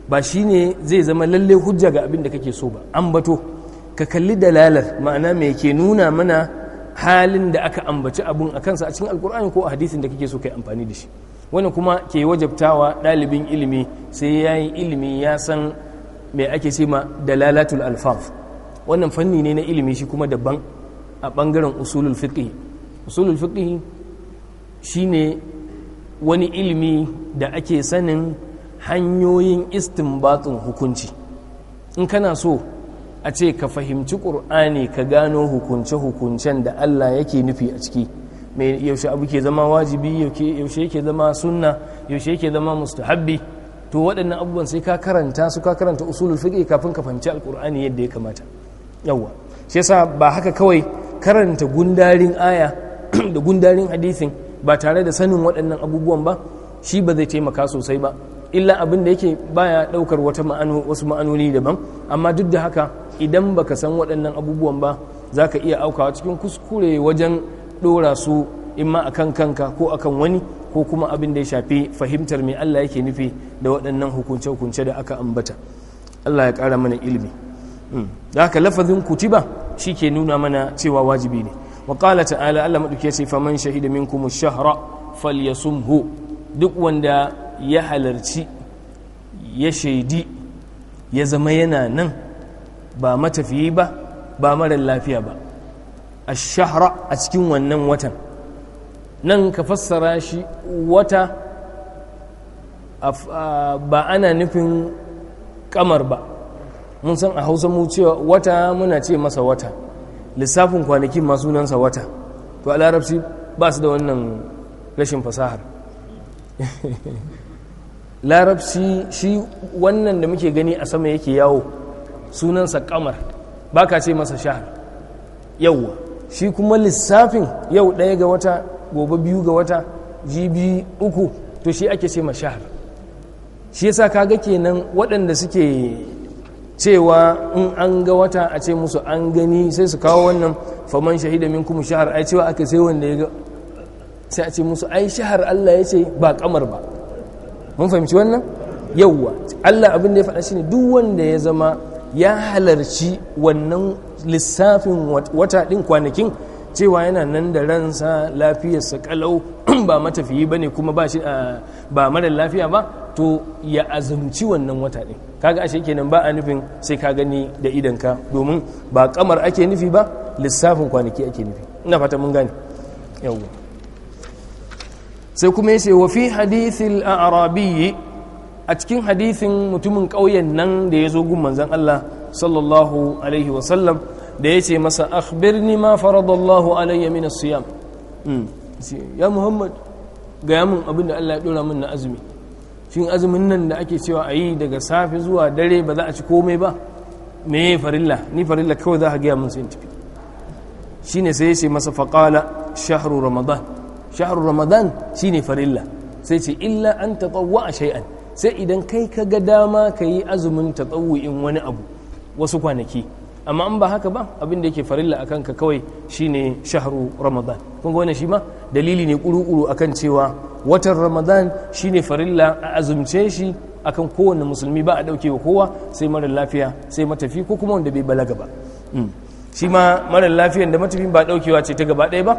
ba shine zai zama lalle hujja ga abin da kake so ba ambato ka kalli dalalar ma'ana mai ke nuna mana halin da aka ambaci abun a kansa a cikin alkur'ani ko a hadisin da kake so kai amfani da shi Wani kuma ke wajabtawa ɗalibin ilimi sai ya yi ilimi ya san mai ake ce ma dalalatul alfaf wannan fanni ne na ilimi shi kuma daban a ɓangaren usulul fiqh usulul fiqh shine wani ilimi da ake sanin hanyoyin istinbatsin hukunci in kana so a ce ka fahimci ƙur'ani ka gano hukunce-hukuncen da Allah yake nufi a ciki mai yaushe abu ke zama wajibi yaushe yake zama sunna yaushe yake zama mustahabbi to waɗannan abubuwan sai ka karanta su ka karanta usulul fiqh kafin ka fahimci alƙur'ani yadda ya kamata yawwa shi yasa ba haka kawai karanta gundarin aya *clears throat* da gundarin hadisin ba tare da sanin waɗannan abubuwan ba shi ba zai taimaka sosai ba illa abin da yake baya daukar wata ma'ano wasu ma'anoni daban amma duk da haka idan baka san waɗannan abubuwan ba za ka iya aukawa cikin kuskure wajen ɗora su in ma akan kanka ko akan wani ko kuma abin da ya shafi fahimtar mai Allah yake nufi da waɗannan hukunce-hukunce da aka ambata Allah ya ƙara mana ilimi hmm. da haka lafazin kutiba shi ke nuna mana cewa wajibi ne wa ƙala ta'ala Allah maɗauke ce faman shahida kuma shahara falyasumhu duk wanda ya halarci ya shaidi ya zama yana nan ba matafiyi ba ba marar lafiya ba a shahara a cikin wannan watan nan ka fassara shi wata ba ana nufin kamar ba mun san a hausa mu cewa wata muna ce masa wata lissafin kwanaki masu nansa wata to a larabci ba su da wannan rashin fasahar *laughs* larabci shi wannan da muke gani a sama yake yawo sunansa kamar ba ka ce masa shahar yauwa shi kuma lissafin yau ɗaya ga wata gobe biyu ga wata jibi uku to shi ake ce shahar shi yasa kaga kenan waɗanda suke cewa in an ga wata a ce musu an gani sai su kawo wannan faman shahida min kuma shahar ai cewa aka sai wanda ya ga sai a ce musu ai shahar Allah ya ce ba kamar ba mun fahimci wannan yawwa Allah abin da ya faɗa shine duk wanda ya zama ya halarci wannan lissafin wata ɗin kwanakin cewa yana nan da ransa lafiyarsa kalau *clears throat* ba matafiyi ba ne kuma ba shi ah, ba mara lafiya ba to ya azumci wannan wata ɗin kaga ashe kenan ba a nufin sai ka gani da idanka domin ba kamar ake nufi ba lissafin kwanaki ake nufi ina fata mun gane yawwa sai kuma ya ce wa fi hadithil arabi a cikin hadithin mutumin ƙauyen nan da ya zo gun manzon Allah sallallahu alaihi wasallam da ya ce masa akhbirni ma faradallahu alayya min as-siyam hmm. ya muhammad ga yamin abin da Allah ya dora min na azumi shin azumin nan da ake cewa ayi daga safe zuwa dare ba za a ci komai ba me farilla ni farilla kawai za gaya ga mun sai tafi shine sai ya ce masa faqala shahru ramadan shahar ramadan shine farilla sai ce illa an tatawwa a shai'an sai idan kai ka ga dama ka yi azumin tatawu'in wani abu wasu kwanaki amma an ba haka ba abin da yake farilla akan ka kawai shine shahru ramadan kun ga wannan shi ma dalili ne kuru-kuru akan cewa watan ramadan shine farilla a azumce shi akan kowanne musulmi ba a dauke wa kowa sai mara lafiya sai matafi ko kuma wanda bai balaga ba shi ma mara lafiyan da matafin ba daukewa ce ta gaba ɗaya ba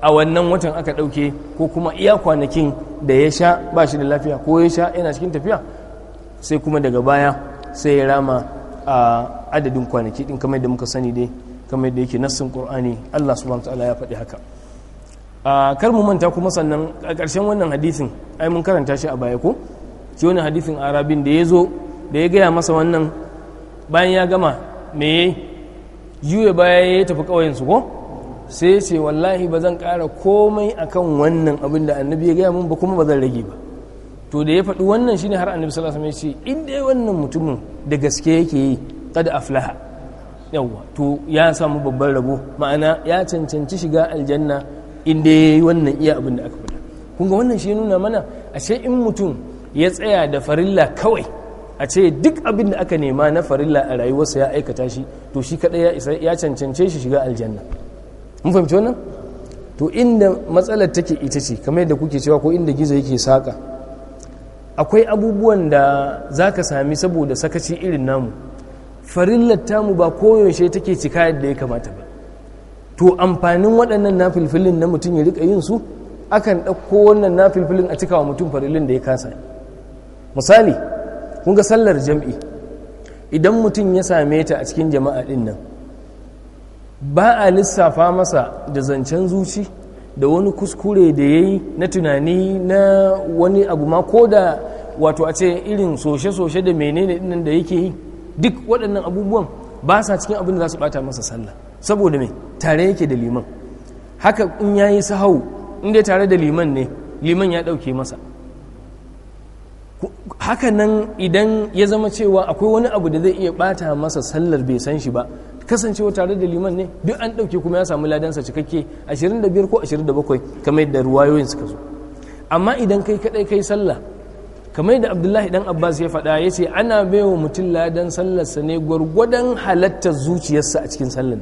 a wannan watan aka ɗauke ko kuma iya kwanakin da ya sha ba shi da lafiya ko ya sha yana cikin tafiya sai kuma daga baya sai ya rama a adadin kwanaki ɗin kamar da muka sani dai kamar da yake nassin ƙur'ani allah subhanahu ta'ala ya faɗi haka a kar mu manta kuma sannan a ƙarshen wannan hadisin ai mun karanta shi a baya ko shi wani hadisin arabin da ya zo da ya gaya masa wannan bayan ya gama me ya juya baya ya tafi ƙauyensu ko sai ce wallahi ba zan ƙara komai akan wannan abin da annabi ya gaya mun ba kuma ba zan rage ba to da ya faɗi wannan shine har annabi sallallahu alaihi wasallam ya ce inda wannan mutumin da gaske yake yi kada aflaha yawa to ya samu babban rabo ma'ana ya cancanci shiga aljanna inda ya yayi wannan iya abin da aka faɗa kun ga wannan shi nuna mana ashe in mutum ya tsaya da farilla kawai a ce duk abin da aka nema na farilla a rayuwarsa ya aikata shi to shi kaɗai ya cancanci shi shiga aljanna mun fahimci wannan to inda matsalar take ita ce kamar yadda kuke cewa ko inda gizo yake saka akwai abubuwan da za ka sami saboda sakaci irin namu farillar tamu ba koyaushe take cika yadda ya kamata ba to amfanin waɗannan na filfilin na mutum ya rika yin su akan ɗauko wannan na filfilin a cikawa mutum farillin da ya kasa misali kun ga sallar jam'i idan mutum ya same ta a cikin jama'a ɗin nan ba a lissafa masa da zancen zuci da wani kuskure da ya yi na tunani na wani abu ma ko da wato a ce irin soshe-soshe da menene nan da yake yi duk waɗannan abubuwan ba sa cikin abin da za su ɓata masa sallah saboda mai tare yake da liman haka in ya yi sahau in dai tare da liman ne liman ya ɗauke masa hakanan idan ya zama cewa akwai wani abu da zai iya bata masa sallar bai san shi ba kasancewa tare da liman ne duk an dauke kuma ya samu ladansa cikakke 25 ko 27 kamar yadda ruwayoyin suka zo amma idan kai kadai kai sallah kamar da abdullahi dan abbas ya faɗa ya ce ana baiwa mutum ladan sallarsa ne gwargwadon halattar zuciyarsa a cikin sallar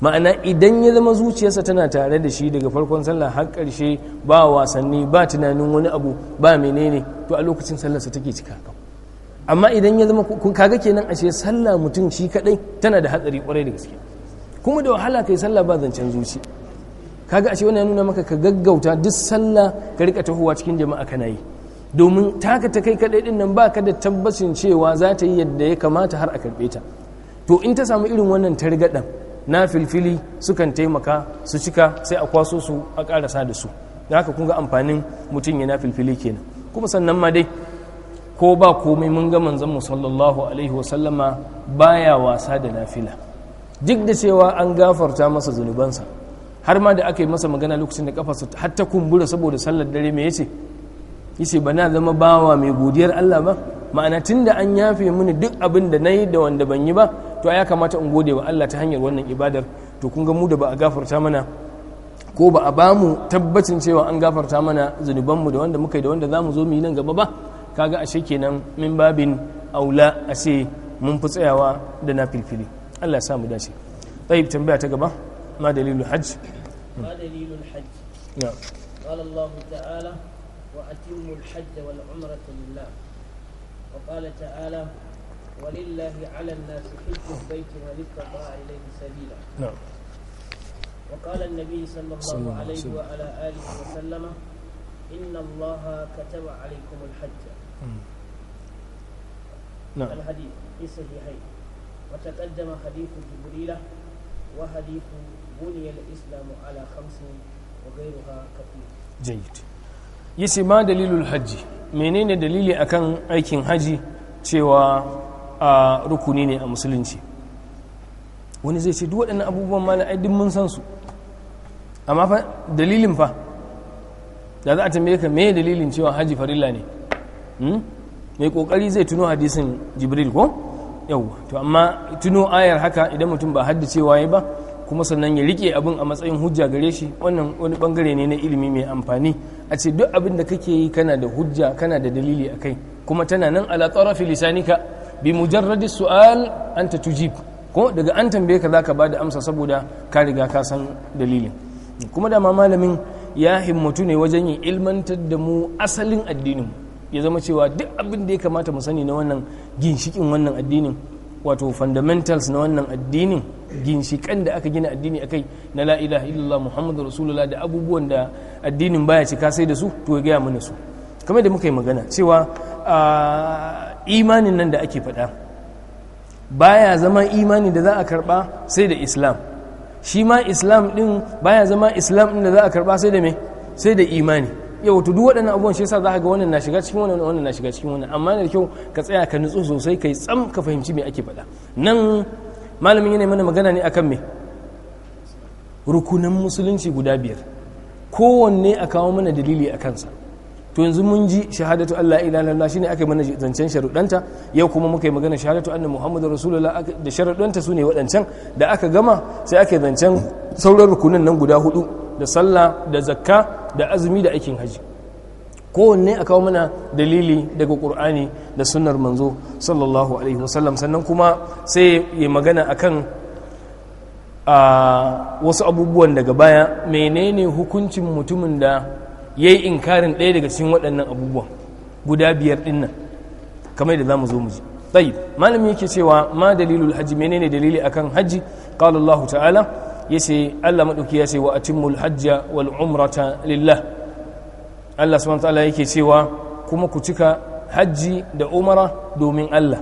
ma'ana idan ya zama zuciyarsa tana tare da shi daga farkon sallah har karshe ba wasanni ba tunanin wani abu ba menene to a lokacin sa take cika amma idan ya zama kaga kenan ashe sallah mutum shi kadai tana da hatsari kwarai da gaske kuma da wahala kai sallah ba zancen zuci kaga ashe wannan nuna maka ka gaggauta duk sallah ka rika tahowa cikin jama'a kana yi domin taka ta kai kadai din nan baka da tabbacin cewa za ta yi yadda ya kamata har a karbe ta to in ta samu irin wannan targaɗan na filfili sukan taimaka su cika sai a kwaso su a karasa da su da haka kunga amfanin mutum ya na filfili kenan kuma sannan ma dai ko ba komai mun ga manzon sallallahu alaihi wasallama baya wasa da nafila duk da cewa an gafarta masa zunubansa har ma da aka yi masa magana lokacin da kafarsa har ta kumbura saboda sallar dare me yace yace bana zama bawa mai godiyar Allah ba ma'ana tun da an yafe mini duk abin da na yi da wanda ban yi ba to ya kamata in gode wa Allah ta hanyar wannan ibadar to kun ga mu da ba a gafarta mana ko ba a bamu tabbacin cewa an gafarta mana zunubanmu da wanda muka yi da wanda za mu zo mu yi nan gaba ba kaga ashe kenan min babin aula a ce mun fi tsayawa da na filfili Allah ya sa mu dace tayyib tambaya ta gaba ma dalilul hajj ma dalilul hajj na'am qala Allah ta'ala wa atimul hajj wal umrata lillah وقال تعالى ولله على الناس حج البيت من استطاع إليه سبيلا نعم وقال النبي صلى الله عليه وعلى آله وسلم إن الله كتب عليكم الحج نعم الحديث في الصحيحين وتقدم حديث جبريل وحديث بني الإسلام على خمس وغيرها كثير جيد yace ma dalilul hajji menene dalili akan aikin hajji cewa a rukuni ne a musulunci wani zai ce duk waɗannan abubuwan ma na aidin mun san su amma fa dalilin fa da za a tambaye ka me dalilin cewa haji farilla ne hmm? mai kokari zai tuno hadisin jibril ko yau to amma tuno ayar haka idan mutum ba cewa ya ba kuma sannan ya rike abin a matsayin hujja gare shi wannan wani bangare ne na ilimi mai amfani a ce duk abin da kake yi kana da hujja kana da dalili a kai kuma tana nan ala tsarafi lisanika bi mujarradi su'al anta tujib ko daga an tambaye ka ba da amsa saboda ka riga ka san dalilin kuma da ma malamin ya himmatu ne wajen yin ilmantar da mu asalin addinin ya zama cewa duk abin da ya kamata mu sani na wannan ginshikin wannan addinin wato fundamentals na wannan addinin ginshikan da aka gina addini akai na la ilaha illallah muhammadu rasulullah da abubuwan da addinin baya cika sai da su to ya gaya mana su kamar da muka yi magana cewa imanin nan da ake faɗa baya zama imani da za a karɓa sai da islam shi ma islam din baya zama islam din da za a karɓa sai da imani yau to duk waɗannan abubuwan shi yasa za ka ga wannan na shiga cikin wannan wannan na shiga cikin wannan amma da kyau ka tsaya ka nutsu sosai kai tsam ka fahimci me ake faɗa nan malamin yana mana magana ne akan me rukunan musulunci guda biyar kowanne a kawo mana dalili a kansa to yanzu mun ji shahadatu Allah ila lalla shine aka mana zancen sharuɗanta yau kuma muka yi magana shahadatu anna Muhammadu Rasulullah da sharuɗanta sune waɗancan da aka gama sai aka zancen sauran rukunan nan guda hudu da sallah da zakka da azumi da aikin haji kowanne a kawo mana dalili daga ƙur'ani da sunnar manzo sallallahu alaihi wasallam sannan kuma sai ya magana akan a wasu abubuwan daga baya menene hukuncin mutumin da ya yi inkarin ɗaya daga cikin waɗannan abubuwan guda biyar ɗin nan kamar da za mu zo mu ji tsayi malami yake cewa ma dalilul hajji menene dalili akan hajji qala ta'ala yace Allah madauki ya ce wa atimmul hajja wal umrata lillah Allah subhanahu ta'ala yake cewa kuma ku cika hajji da umara domin Allah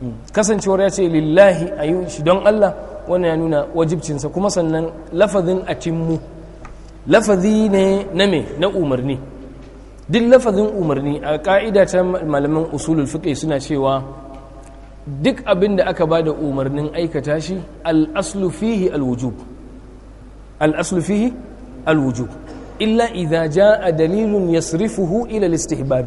hmm. kasancewar ya ce lillahi ayu shi don Allah wannan ya nuna wajibcinsa kuma sannan lafazin atimmu lafazi ne na me na umarni duk lafazin umarni a ka'ida ta malaman usulul fiqh suna cewa duk abin da aka ba da umarnin aikata shi al'aslu fihi alwujub al'aslu iza ja illa dalilin jaa dalilun yasrifuhu ila al-istihbab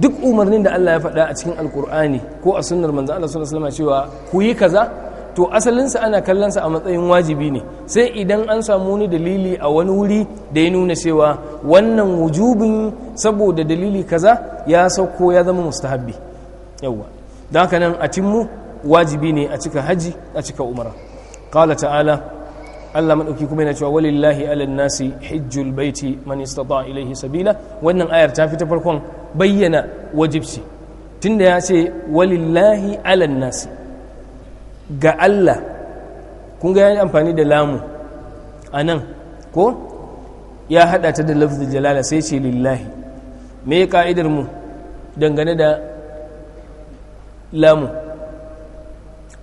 duk umarnin da Allah ya faɗa a cikin alkur'ani ko a sunnar manzo Allah sallallahu alaihi cewa ku yi kaza to asalinsa ana kallonsa a matsayin wajibi ne sai idan an samu wani dalili a wani wuri da ya nuna cewa wannan wujubin saboda dalili kaza ya sauko ya zama mustahabbi yawwa don haka nan a timmu wajibi ne a cika haji a cika umara Kala ta'ala Allah madauki kuma yana cewa walillahi alal nasi hijjul baiti man istata ilaihi sabila wannan ayar ta fi ta farkon bayyana wajibci tunda ya ce walillahi alal nasi ga Allah kun ga yi amfani da lamu anan ko ya haɗa ta da lafzul jalala sai ce lillahi me ka'idar mu dangane da lamu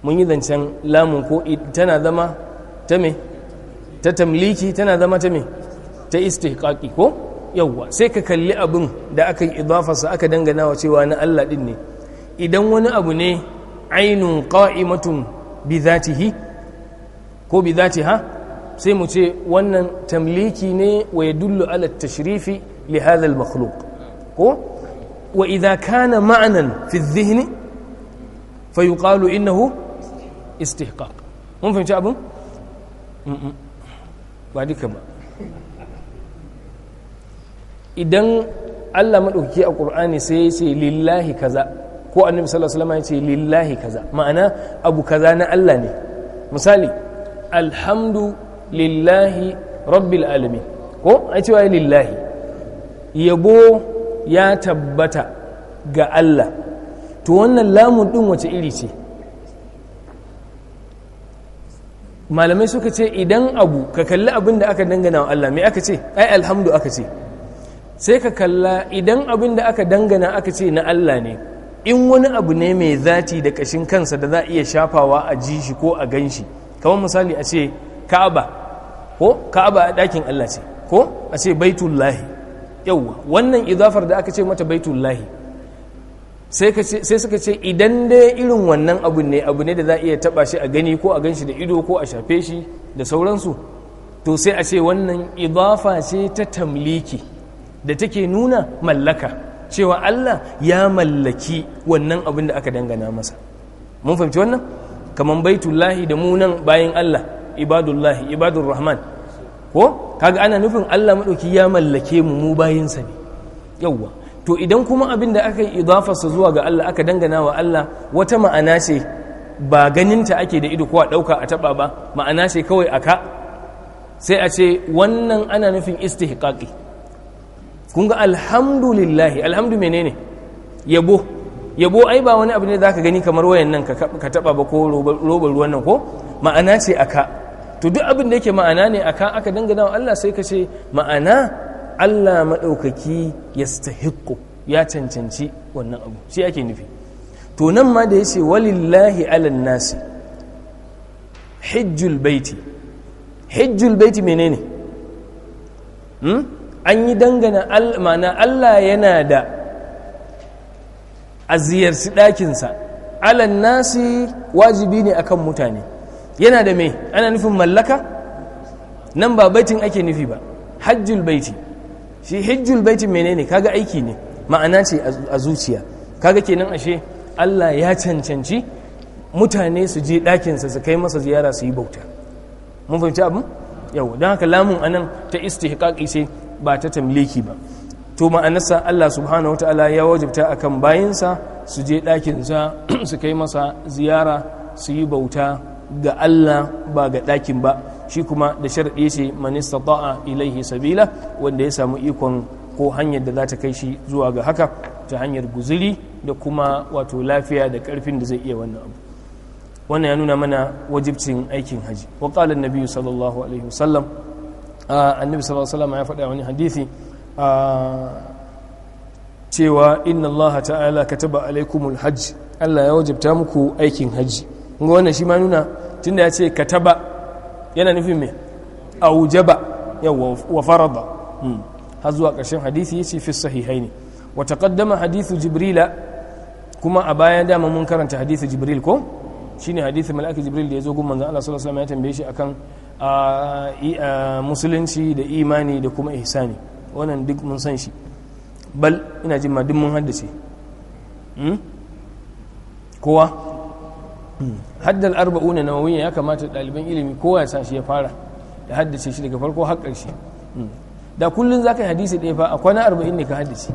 mun yi zancen lamun ko tana zama ta me ta tamliki tana zama ta me ta istihqaqi ko yawwa sai ka kalli abin da aka yi idafarsa aka dangana wa cewa na Allah din ne idan wani abu ne ainun qa'imatun bi zatihi ko bi zatiha sai mu ce wannan tamliki ne wa yadullu ala tashrifi li hadha al makhluq ko wa idha kana ma'nan fi dhihni fa yuqalu innahu istihqaq mun fahimci abin ba duka ba idan Allah maɗauki a ƙur'ani sai ya ce lillahi kaza ko annabi sallallahu alaihi wasallam ya ce lillahi kaza ma'ana abu kaza na Allah ne misali alhamdu lillahi rabbil alami ko a cewa lillahi yabo ya tabbata ga Allah to wannan lamun ɗin wace iri ce malamai suka ce idan abu ka kalli abin da aka dangana wa Allah mai aka ce ai alhamdu aka ce sai ka kalla idan abin da aka dangana aka ce na Allah ne in wani abu ne mai zati da kashin kansa da za a iya shafawa a ji shi ko a gan shi kamar misali a ce ka'aba ko ka'aba a ɗakin Allah ce ko a ce baitullahi yawwa wannan idafar da aka ce mata baitullahi sai suka ce idan dai irin wannan abu ne abu ne da za a iya taba shi a gani ko a gan shi da ido ko a shafe shi da sauransu to sai a ce wannan idafa ce ta tamliki da take nuna mallaka cewa Allah ya mallaki wannan abin da aka dangana masa mun fahimci wannan kamar baitullahi da munan bayan Allah ibadullahi ibadur rahman ko kaga ana nufin Allah maɗauki ya mallake mu mu bayinsa ne yawwa to idan kuma abin da aka yi idafarsa zuwa ga Allah aka dangana wa Allah wata ma'ana ce ba ganinta ake da ido ko a ɗauka a taɓa ba ma'ana ce kawai a ka sai a ce wannan ana nufin istihqaqi kun ga alhamdulillahi alhamdu menene yabo yabo ai ba wani abu ne zaka gani kamar wayan nan ka taɓa ba ko robar ruwan nan ko ma'ana ce a ka to duk abin da yake ma'ana ne a ka aka dangana wa Allah sai ka ce ma'ana Allah maɗaukaki ya stahiqqu ya cancanci wannan abu shi ake nufi to nan ma da ya ce walillahi alan nasi hijjul baiti hijjul baiti menene hmm? an yi dangana mana Allah yana da a ziyarci ɗakinsa alan nasi wajibi ne akan mutane yana da mai ana nufin mallaka nan ba baitin ake nufi ba hajjul baiti shi hijjul baiti menene kaga aiki ne ma'ana ce a zuciya kaga kenan ashe Allah ya cancanci mutane su je ɗakinsa su kai masa ziyara su yi bauta mun fahimci abin yau don haka lamun anan ta istihqaqi ce ba ta tamliki ba to ma'anarsa Allah subhanahu wata'ala ya wajibta akan bayinsa su je ɗakinsa *clears throat* su kai masa ziyara su yi bauta ga Allah ba ga ɗakin ba shi kuma da sharɗi ce manista istata'a ilaihi sabila wanda ya samu ikon ko hanyar da za ta kai shi zuwa ga haka ta hanyar guzuri da kuma wato lafiya da ƙarfin da zai iya wannan abu wannan ya nuna mana wajibcin aikin haji wa na biyu sallallahu alaihi wasallam annabi sallallahu alaihi wasallam ya faɗa wani hadisi cewa inna allaha ta'ala kataba alaikumul hajj Allah ya wajibta muku aikin haji kuma wannan shi ma nuna tunda ya ce kataba yana nufin me aujaba yawa wa farada hmm. har zuwa ƙarshen hadisi yace fi sahihaini wa taqaddama hadithu jibrila kuma a baya dama mun karanta hadithu jibril ko ne hadithu mala'ika jibril da ya zo manzon Allah sallallahu alaihi wasallam ya tambaye shi akan musulunci da imani da kuma ihsani wannan duk mun san shi bal ina jin ma duk mun haddace hmm? kowa haddal arba'una nawawiyya ya kamata ɗaliban ilimi kowa ya sashi shi ya fara ya haddace shi daga farko har ƙarshe hmm. da kullum za ka yi hadisi ɗaya fa a kwana arba'in ne ka haddace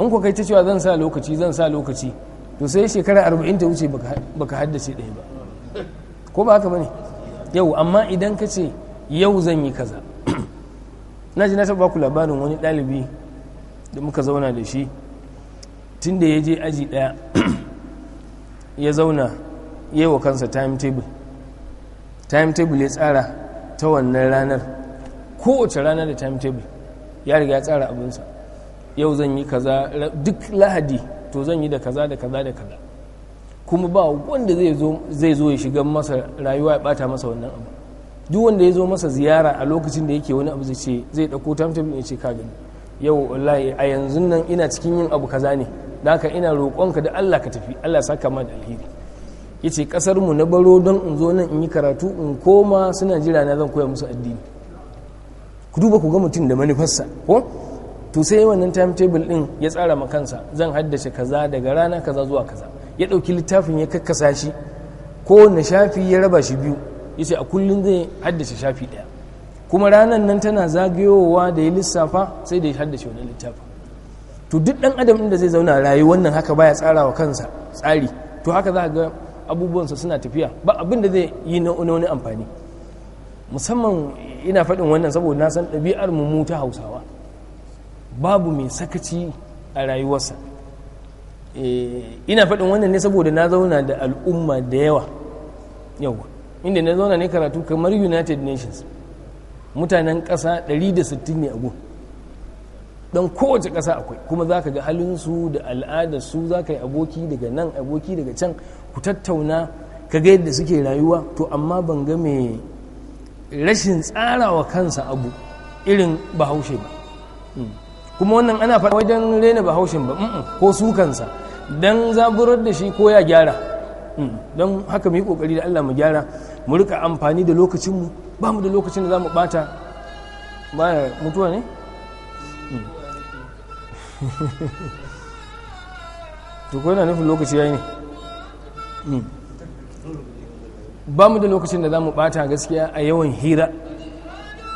in ku kai ta cewa zan sa lokaci zan sa lokaci to sai shekara arba'in ta wuce baka haddace ɗaya ba ko ba haka ba ne yau amma idan ka ce yau zan yi kaza *clears throat* na ji na taɓa ku labarin wani ɗalibi da muka zauna da shi tun da ya je aji ɗaya *clears throat* ya zauna yi wa kansa timetable timetable ya tsara ta wannan ranar kowace rana da timetable ya riga ya tsara abinsa yau zan yi kaza duk lahadi to zan yi da kaza da kaza da kaza kuma ba wanda zai zo ya shiga masa rayuwa ya bata masa wannan abu duk wanda ya zo masa ziyara a lokacin da yake wani abu zai ce zai dauko timetable ya ce ka gani yau wallahi a yanzu nan ina cikin yin abu kaza ne naka haka ina roƙonka da Allah ka tafi Allah saka ma da alheri yace kasar mu na baro don in zo nan in yi karatu in koma suna jira na zan koya musu addini ku duba ku ga mutum da manufarsa ko to sai wannan table din ya tsara ma kansa zan haddace kaza daga rana kaza zuwa kaza ya ɗauki littafin ya kakkasa shi ko na shafi ya raba shi biyu yace a kullum zai haddace shafi daya kuma ranar nan tana zagayowa da ya lissafa sai da ya haddace wani littafin to duk dan adam inda zai zauna rayu nan haka baya tsara wa kansa tsari to haka za ga abubuwansa suna tafiya ba abin da zai yi na wani amfani musamman ina faɗin wannan saboda na san ɗabi'ar mu ta hausawa babu mai sakaci a rayuwarsa eh, ina faɗin wannan ne saboda na zauna da al'umma da yawa yawa inda na zauna ne karatu kamar united nations mutanen kasa 160 ne a gun don kowace ƙasa akwai kuma za ka ga halinsu da su za ka yi aboki daga nan aboki daga can ku tattauna ka ga yadda suke rayuwa to amma ban ga mai rashin tsara wa kansa abu irin bahaushe ba hmm. kuma wannan ana faɗa wajen rena bahaushen ba ko su kansa don zaburar da shi ko ya gyara hmm. don haka mu yi ƙoƙari da allah mu gyara mu rika amfani da lokacinmu ba mu da lokacin da za mu ɓata ba mutuwa ne to ko yana nufin lokaci yi ne hmm. ba mu da lokacin da za mu bata gaskiya a yawan hira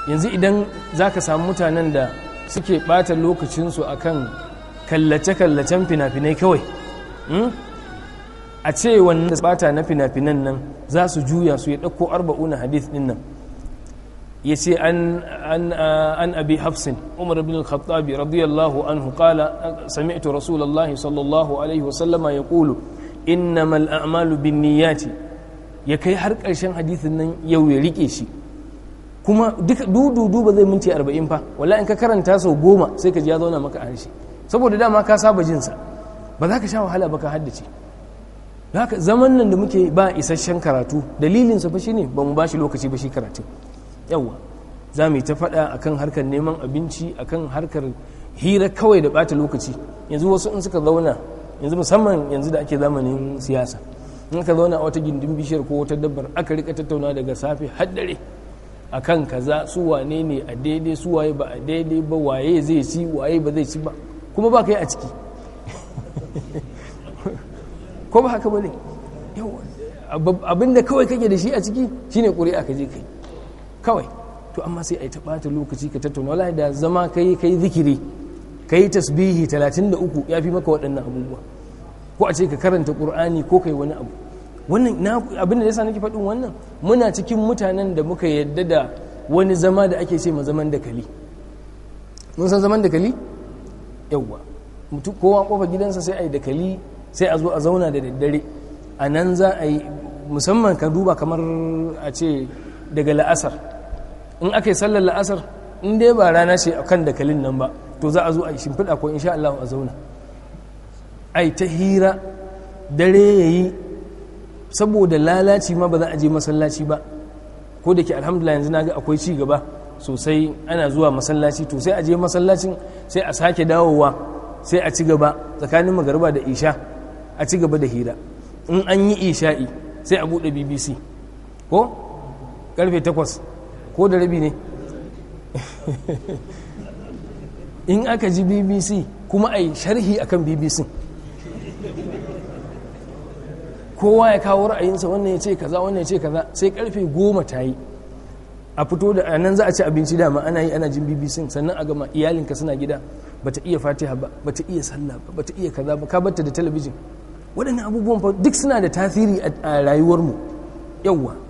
yanzu idan za ka samu mutanen da suke bata lokacinsu a kan kallace-kallacen fina-finai kawai hmm? a ce wannan da bata na fina-finan nan za su juya su ya ɗauko arba'una hadith ɗin nan ya ce an abi hafsin umar bin al-khattabi radiyallahu anhu qala sami'tu rasulullahi sallallahu alaihi wasallama ya kulu innamal a'malu bin niyyati ya kai har karshen hadisin nan yau ya rike shi kuma duka dudu ba zai minti arba'in fa wala in ka karanta sau goma sai ka ji ya zauna maka a saboda dama ka saba jinsa ba za ka sha wahala ba ka haddace haka zaman nan da muke ba isasshen karatu dalilinsa sa fa shine ba mu ba shi lokaci ba shi karatu yawa za mu yi ta faɗa akan harkar neman abinci akan harkar hira kawai da ɓata lokaci yanzu wasu in suka zauna yanzu musamman yanzu da ake zamanin siyasa in ka zauna a wata gindin bishiyar ko wata dabbar aka rika tattauna daga safe har dare akan kaza su wane ne a daidai su waye ba a daidai ba waye zai ci waye ba zai ci ba kuma ba ka yi a ciki *laughs* ko ba haka ba ne abinda kawai kake da shi a ciki shine ƙuri'a ka je kai kawai to amma sai a yi ta lokaci ka tattauna wala da zama kai kai zikiri kai tasbihi 33 ya fi maka waɗannan abubuwa ko a ce ka karanta ƙur'ani ko kai wani abu wannan na abin da nake faɗin wannan muna cikin mutanen da muka yadda da wani zama da ake ce ma zaman da kali mun zaman dakali yawwa mutu kowa kofa gidansa sai a yi dakali sai a zo a zauna da daddare a nan za a yi musamman ka duba kamar a ce daga la'asar in aka yi sallar la'asar in dai ba rana ce a kan dakalin nan ba to za a zo a yi shimfiɗa ko sha Allah a zauna ai ta hira dare ya yi saboda lalaci ma ba za a je masallaci ba ko da ke alhamdulillah yanzu na ga akwai ci gaba sosai ana zuwa masallaci to sai a je masallacin sai a sake dawowa sai a ci gaba tsakanin magarba da isha a ci gaba da hira in an yi isha'i sai a buɗe bbc ko ƙarfe takwas ko da rabi ne in aka ji bbc kuma a yi sharhi akan bbc kowa ya kawo ra'ayinsa wannan ya ce kaza wannan ya ce kaza sai karfe goma ta yi a fito da nan za a ci abinci dama ana yi ana jin bbc sannan a gama iyalinka suna gida bata iya fatiha ba bata iya sallah ba bata iya kaza ba ka batta da talabijin waɗannan abubuwan duk suna da tasiri a rayuwarmu yawwa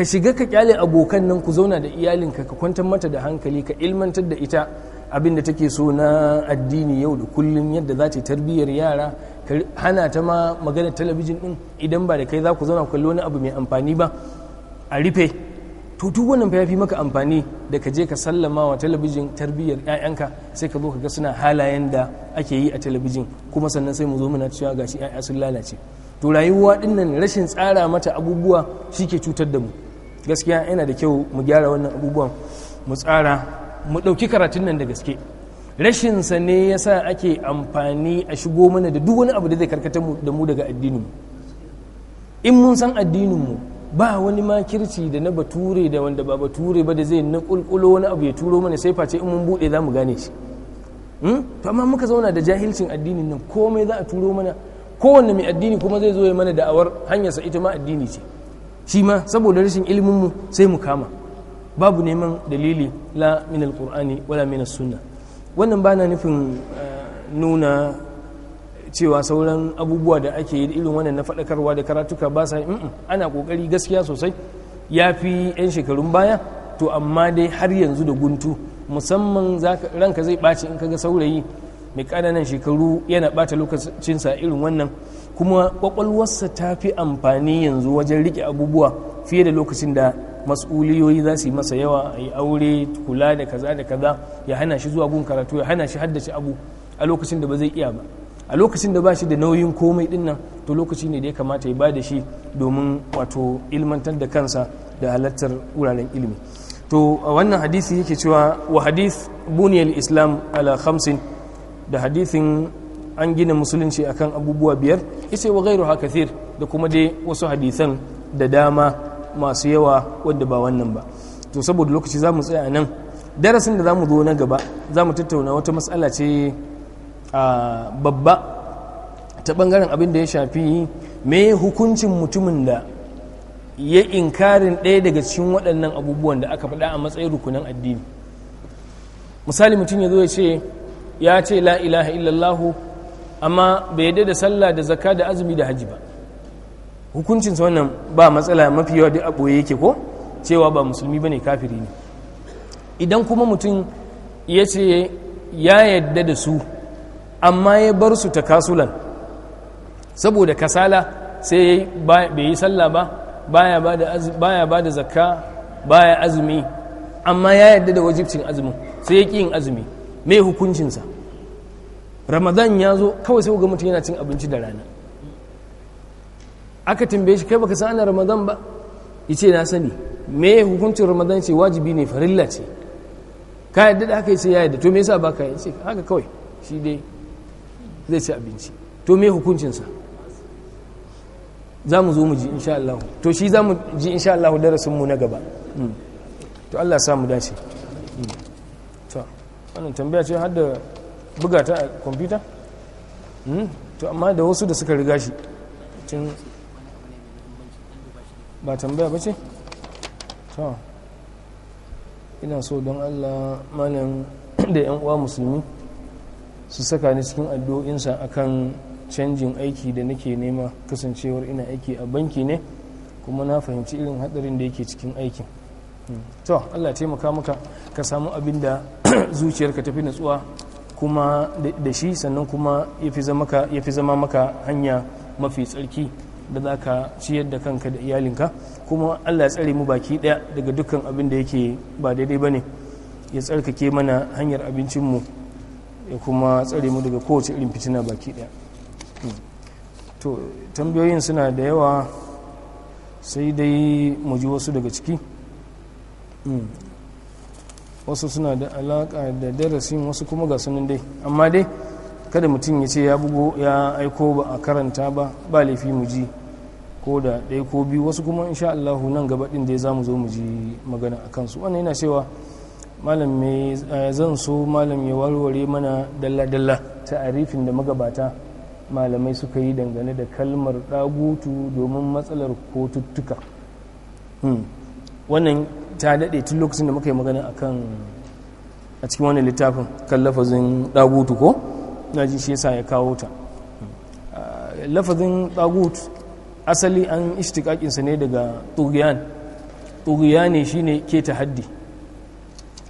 ka shiga ka kyale abokan nan ku zauna da iyalinka ka kwantar mata da hankali ka ilmantar da ita abin da take so na addini yau da kullum yadda za ta tarbiyyar yara ka hana ta ma maganar talabijin din idan ba da kai za ku zauna kallo wani abu mai amfani ba a rufe to duk wannan fa yafi maka amfani da ka je ka sallama wa talabijin tarbiyyar ƴaƴanka sai ka zo ka ga suna halayen da ake yi a talabijin kuma sannan sai mu zo muna cewa gashi ƴaƴa sun lalace to rayuwa dinnan rashin tsara mata abubuwa shi ke cutar da mu gaskiya yana da kyau mu gyara wannan abubuwan mu tsara mu ɗauki karatun nan da gaske rashinsa ne ya sa ake amfani a shigo mana da duk wani abu da zai karkatar da mu daga addinin mu. in mun san addinin mu ba wani makirci da na bature da wanda ba bature ba da zai na kulkulo wani abu ya turo mana sai face in mun buɗe za mu gane shi hmm? to amma muka zauna da jahilcin addinin nan komai za a turo mana kowanne mai addini kuma zai zo ya mana da'awar hanyarsa ita ma addini ce shi ma saboda rashin ilimin sai mu kama babu neman dalili la min alqur'ani wala min sunna wannan bana nufin eh, nuna cewa sauran abubuwa da ake yi irin wannan na fadakarwa da karatuka ba sa ana kokari gaskiya sosai ya fi 'yan shekarun baya to amma dai har yanzu da guntu musamman ranka zai ɓaci in kaga saurayi mai kananan shekaru yana ɓata lokacinsa irin wannan kuma kwakwalwarsa ta fi amfani yanzu wajen rike abubuwa fiye da lokacin da mas'uliyoyi za su yi masa yawa a yi aure kula da kaza da kaza ya hana shi zuwa gun karatu ya hana shi haddace abu a lokacin da ba zai iya ba a lokacin da ba shi da nauyin komai din nan to lokaci ne da ya kamata ya ba da shi domin wato ilmantar da kansa da halartar wuraren ilimi to a wannan hadisi yake cewa wa hadith buniyal islam ala khamsin da hadithin an gina musulunci akan abubuwa biyar isa wa gairu haka da kuma dai wasu hadisan da dama masu yawa wadda ba wannan ba to saboda lokaci za mu tsaya nan darasin da za mu zo na gaba za mu tattauna wata matsala ce a babba ta bangaren abin da ya shafi me hukuncin mutumin da ya inkarin ɗaya daga cikin waɗannan abubuwan da aka faɗa a matsayin rukunan addini misali mutum ya zo ya ce ya ce la ilaha illallahu amma bai yadda da sallah da zakka da azumi da haji ba hukuncinsa wannan ba matsala mafi yawa duk a ɓoye yake ko cewa ba musulmi ba ne kafiri ne idan kuma mutum ya ce ya yadda da su amma ya bar su ta kasulan saboda kasala sai bai yi sallah ba baya ba da zakka baya azumi amma ya yadda da wajibcin azumi sai ya ƙi yin azumi mai hukuncinsa ramadan ya zo kawai sai ga mutum yana cin abinci da rana aka tambaye shi kai baka san ana ramadan ba ya ce na sani me hukuncin ramadan ce wajibi ne farilla ce ka yadda da haka sai ya yadda to me yasa baka yi ce haka kawai shi dai zai ci abinci to me hukuncinsa za mu zo mu ji insha Allah to shi za mu ji insha Allah darasin mu na gaba hmm. to Allah ya samu dace hmm. to wannan tambaya ce har da buga ta a kwamfuta hmm? to amma da wasu da suka riga shi cin ba tambaya ba ce? to ina so don allah mana *clears throat* da 'yan uwa musulmi su saka ni cikin addu'o'insa akan canjin aiki da nake nema kasancewar ina aiki a banki ne kuma na fahimci irin hadarin da yake cikin aikin hmm. to allah taimaka maka ka samu abin da *clears throat* zuciyarka tafi natsuwa kuma da shi sannan kuma ya fi zama maka hanya mafi tsarki da za ka ciyar da kanka da iyalinka kuma allah ya tsare mu baki daya daga dukkan abin da yake ba daidai ba ne ya tsarkake mana hanyar abincinmu ya kuma tsare mu daga kowace irin fitina baki daya hmm. to tambayoyin suna da yawa sai dai mu ji wasu daga ciki hmm. wasu suna da alaka da darasin wasu kuma ga sunan dai amma dai kada mutum ya ce ya bugo ya aiko ba a karanta ba ba laifi mu ji ko da ɗaya ko biyu wasu kuma insha Allah nan gaba ɗin dai za zo mu ji magana a kansu wannan yana cewa malam me eh, zan so malam ya warware mana dalla-dalla ta'arifin da magabata malamai suka yi dangane da kalmar ɗagutu domin matsalar kotuttuka hmm. wannan ta daɗe tun lokacin da muka yi magana a kan a cikin wani littafin kan lafazin ɗagutu ko na ji shi yasa ya kawo ta ah, lafazin ɗagutu asali an ishtiƙaƙinsa ne daga turiyan turiya ne shi ne keta haddi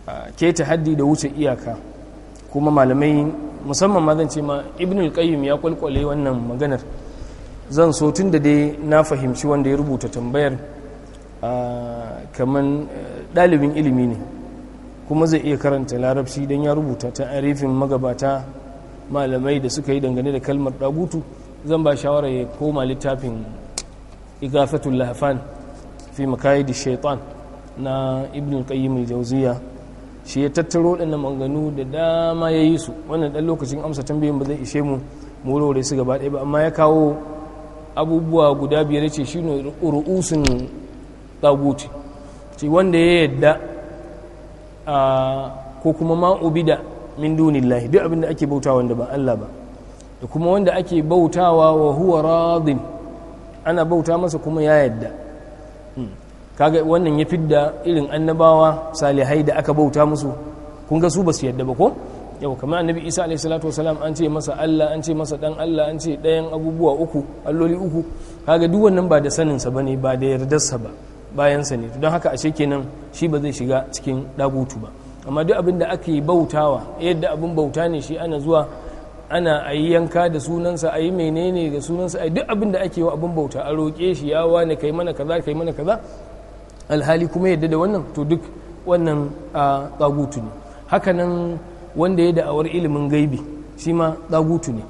ah, keta haddi da wuce iyaka kuma malamai musamman ma zan ce ma ibnul qayyim ya kwalkwale wannan maganar zan so tun da dai na fahimci wanda ya rubuta tambayar ah, kamar eh, ɗalibin ilimi ne kuma zai iya karanta larabci don ya rubuta ta arifin magabata malamai da suka yi dangane da kalmar dagutu zan ba shawara ya koma littafin igafatul lahafan fi da shaitan na ibn qayyim jauziya shi ya tattaro waɗannan manganu da dama ya yi su wannan ɗan lokacin amsa tambayin ba zai ishe mu mu warware su gaba ɗaya ba amma ya kawo abubuwa guda biyar ce shi ne ru'usun ɗaguti ce wanda ya yadda ko kuma ma ubida min dunillahi duk abinda ake bauta wanda ba Allah ba da kuma wanda ake bautawa wa huwa radin ana bauta masa kuma ya yadda hmm. kaga wannan ya fidda irin annabawa salihai da aka bauta musu kun ga su basu yadda ba ko yau kamar annabi isa alaihi salatu wasalam an ce masa Allah an ce masa dan Allah an ce dayan abubuwa uku alloli uku kaga duk wannan ba da saninsa bane ba da yardarsa ba bayansa ne don haka ashe kenan shi ba zai shiga cikin dagutu ba amma duk abin da ake bautawa yadda abin bauta ne shi ana zuwa ana a yi yanka da sunansa a yi menene da sunansa a duk abin da ake wa abin bauta a roƙe shi ya wane kai mana kaza kai mana kaza alhali kuma yadda da wannan to duk wannan a tsagutu ne hakanan wanda ya da'awar ilimin gaibi shi ma tsagutu ne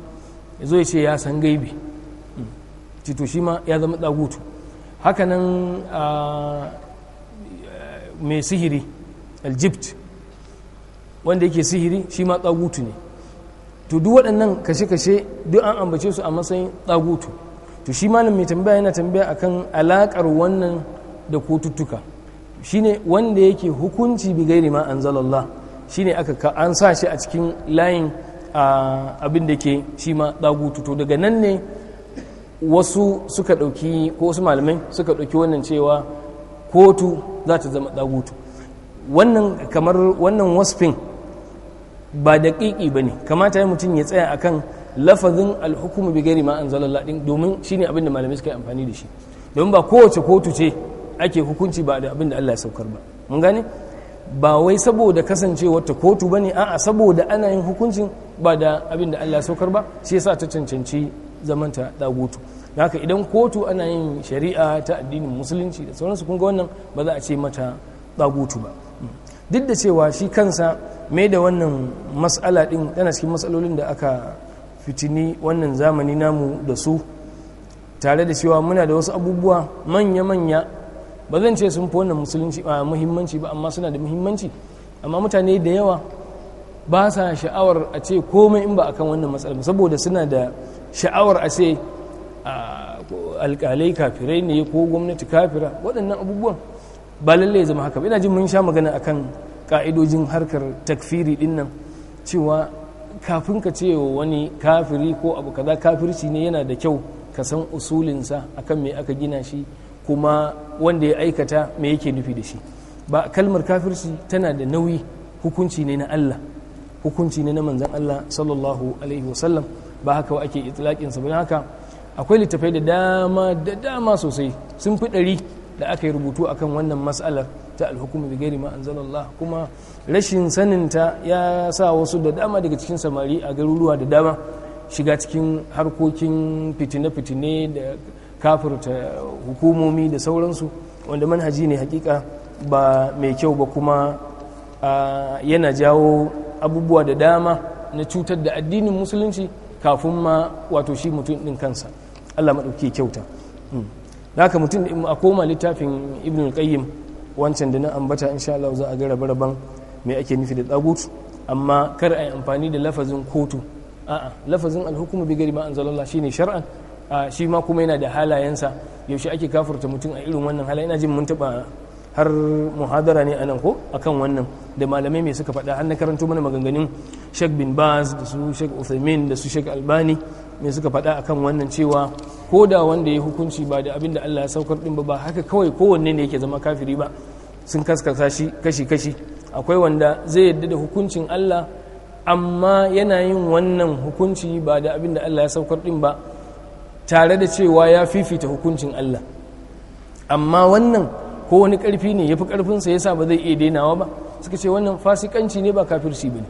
ya ya ce ya san gaibi hmm. cito shi ma ya zama tsagutu hakanan ah, mai sihiri aljibt wanda yake sihiri shi ma tsagutu ne to duk waɗannan kashe-kashe duk an ambace su a matsayin tsagutu to shi malam mai tambaya yana tambaya akan alaƙar wannan da kotuttuka shine wanda yake hukunci bi gairi ma anzalallah shine aka an sa shi a cikin layin ah, abin da ke shi ma tsagutu to daga nan ne wasu suka ɗauki ko wasu malamai suka ɗauki wannan cewa kotu za ta zama ɗagutu wannan kamar wannan wasfin ba da ƙiƙi ba ne kamata ya mutum ya tsaya akan lafazin alhukumu bi gari ma anzalallah domin shine abin da malamai suka yi amfani da shi domin ba kowace kotu ce ake hukunci ba da abin da Allah ya saukar ba mun gane ba wai saboda kasancewar ta kotu bane a'a saboda ana yin hukuncin ba da abin da Allah ya saukar ba shi ya sa ta cancanci zamanta dagutu da haka idan kotu ana yin shari'a ta addinin musulunci da sauransu su wannan ba za a ce mata dagutu ba duk da cewa shi kansa mai da wannan mas'ala din tana cikin matsalolin da aka fitini wannan zamani namu da su tare da cewa muna da wasu abubuwa manya-manya ba zan ce sun fi wannan musulunci a muhimmanci ba amma suna da muhimmanci amma mutane da yawa ba sa sha'awar a ce komai in ba akan wannan matsalar saboda suna da sha'awar a ce alƙalai kafirai ne ko gwamnati kafira waɗannan abubuwan ba lallai zama haka ina jin mun sha magana akan ka'idojin harkar takfiri dinnan cewa kafin ka ce wa wani kafiri ko abu kaza kafirci ne yana da kyau ka san usulinsa akan me aka gina shi kuma wanda ya aikata me yake nufi da shi ba kalmar kafirci tana da nauyi hukunci ne na Allah hukunci ne na manzon Allah sallallahu alaihi wasallam ba haka ake itilakin sa haka akwai littafai da dama da dama sosai sun fi ɗari da aka yi rubutu kan wannan matsalar ta alhukumu da gari ma kuma rashin saninta ya sa wasu da dama daga cikin samari a garuruwa da dama shiga cikin harkokin fitine-fitine da kafirta hukumomi da sauransu wanda manhaji ne hakika ba mai kyau ba kuma yana jawo abubuwa da dama na cutar da addinin musulunci kafin ma wato shi mutum din kansa Allah maɗauki kyauta hmm. haka mutum a koma littafin ibn al wancan da na ambata insha Allah za a ga baraban mai ake nufi da tsagut amma kar a yi amfani da lafazin kotu a'a lafazin alhukumu bi gari ma anzalallah shine shar'an shi ma kuma yana da halayensa yaushe ake kafurta mutum a irin wannan halaye ina jin mun taba har muhadara ne anan ko akan wannan da malamai mai suka faɗa an na karanto mana maganganun Sheikh bin Baz da su Sheikh Uthaymeen da su Sheikh Albani mai suka faɗa a kan wannan cewa ko da wanda ya hukunci ba da abin da Allah ya saukar ɗin ba haka kawai kowanne ne yake zama kafiri ba sun kaskasa shi kashi kashi akwai wanda zai yadda da hukuncin Allah amma yana yin wannan hukunci ba da abin da Allah ya saukar ɗin ba tare da cewa ya fifita hukuncin Allah amma wannan ko wani karfi ne ya fi karfinsa ya sa ba zai iya dainawa ba suka ce wannan fasikanci ne ba kafirci ba ne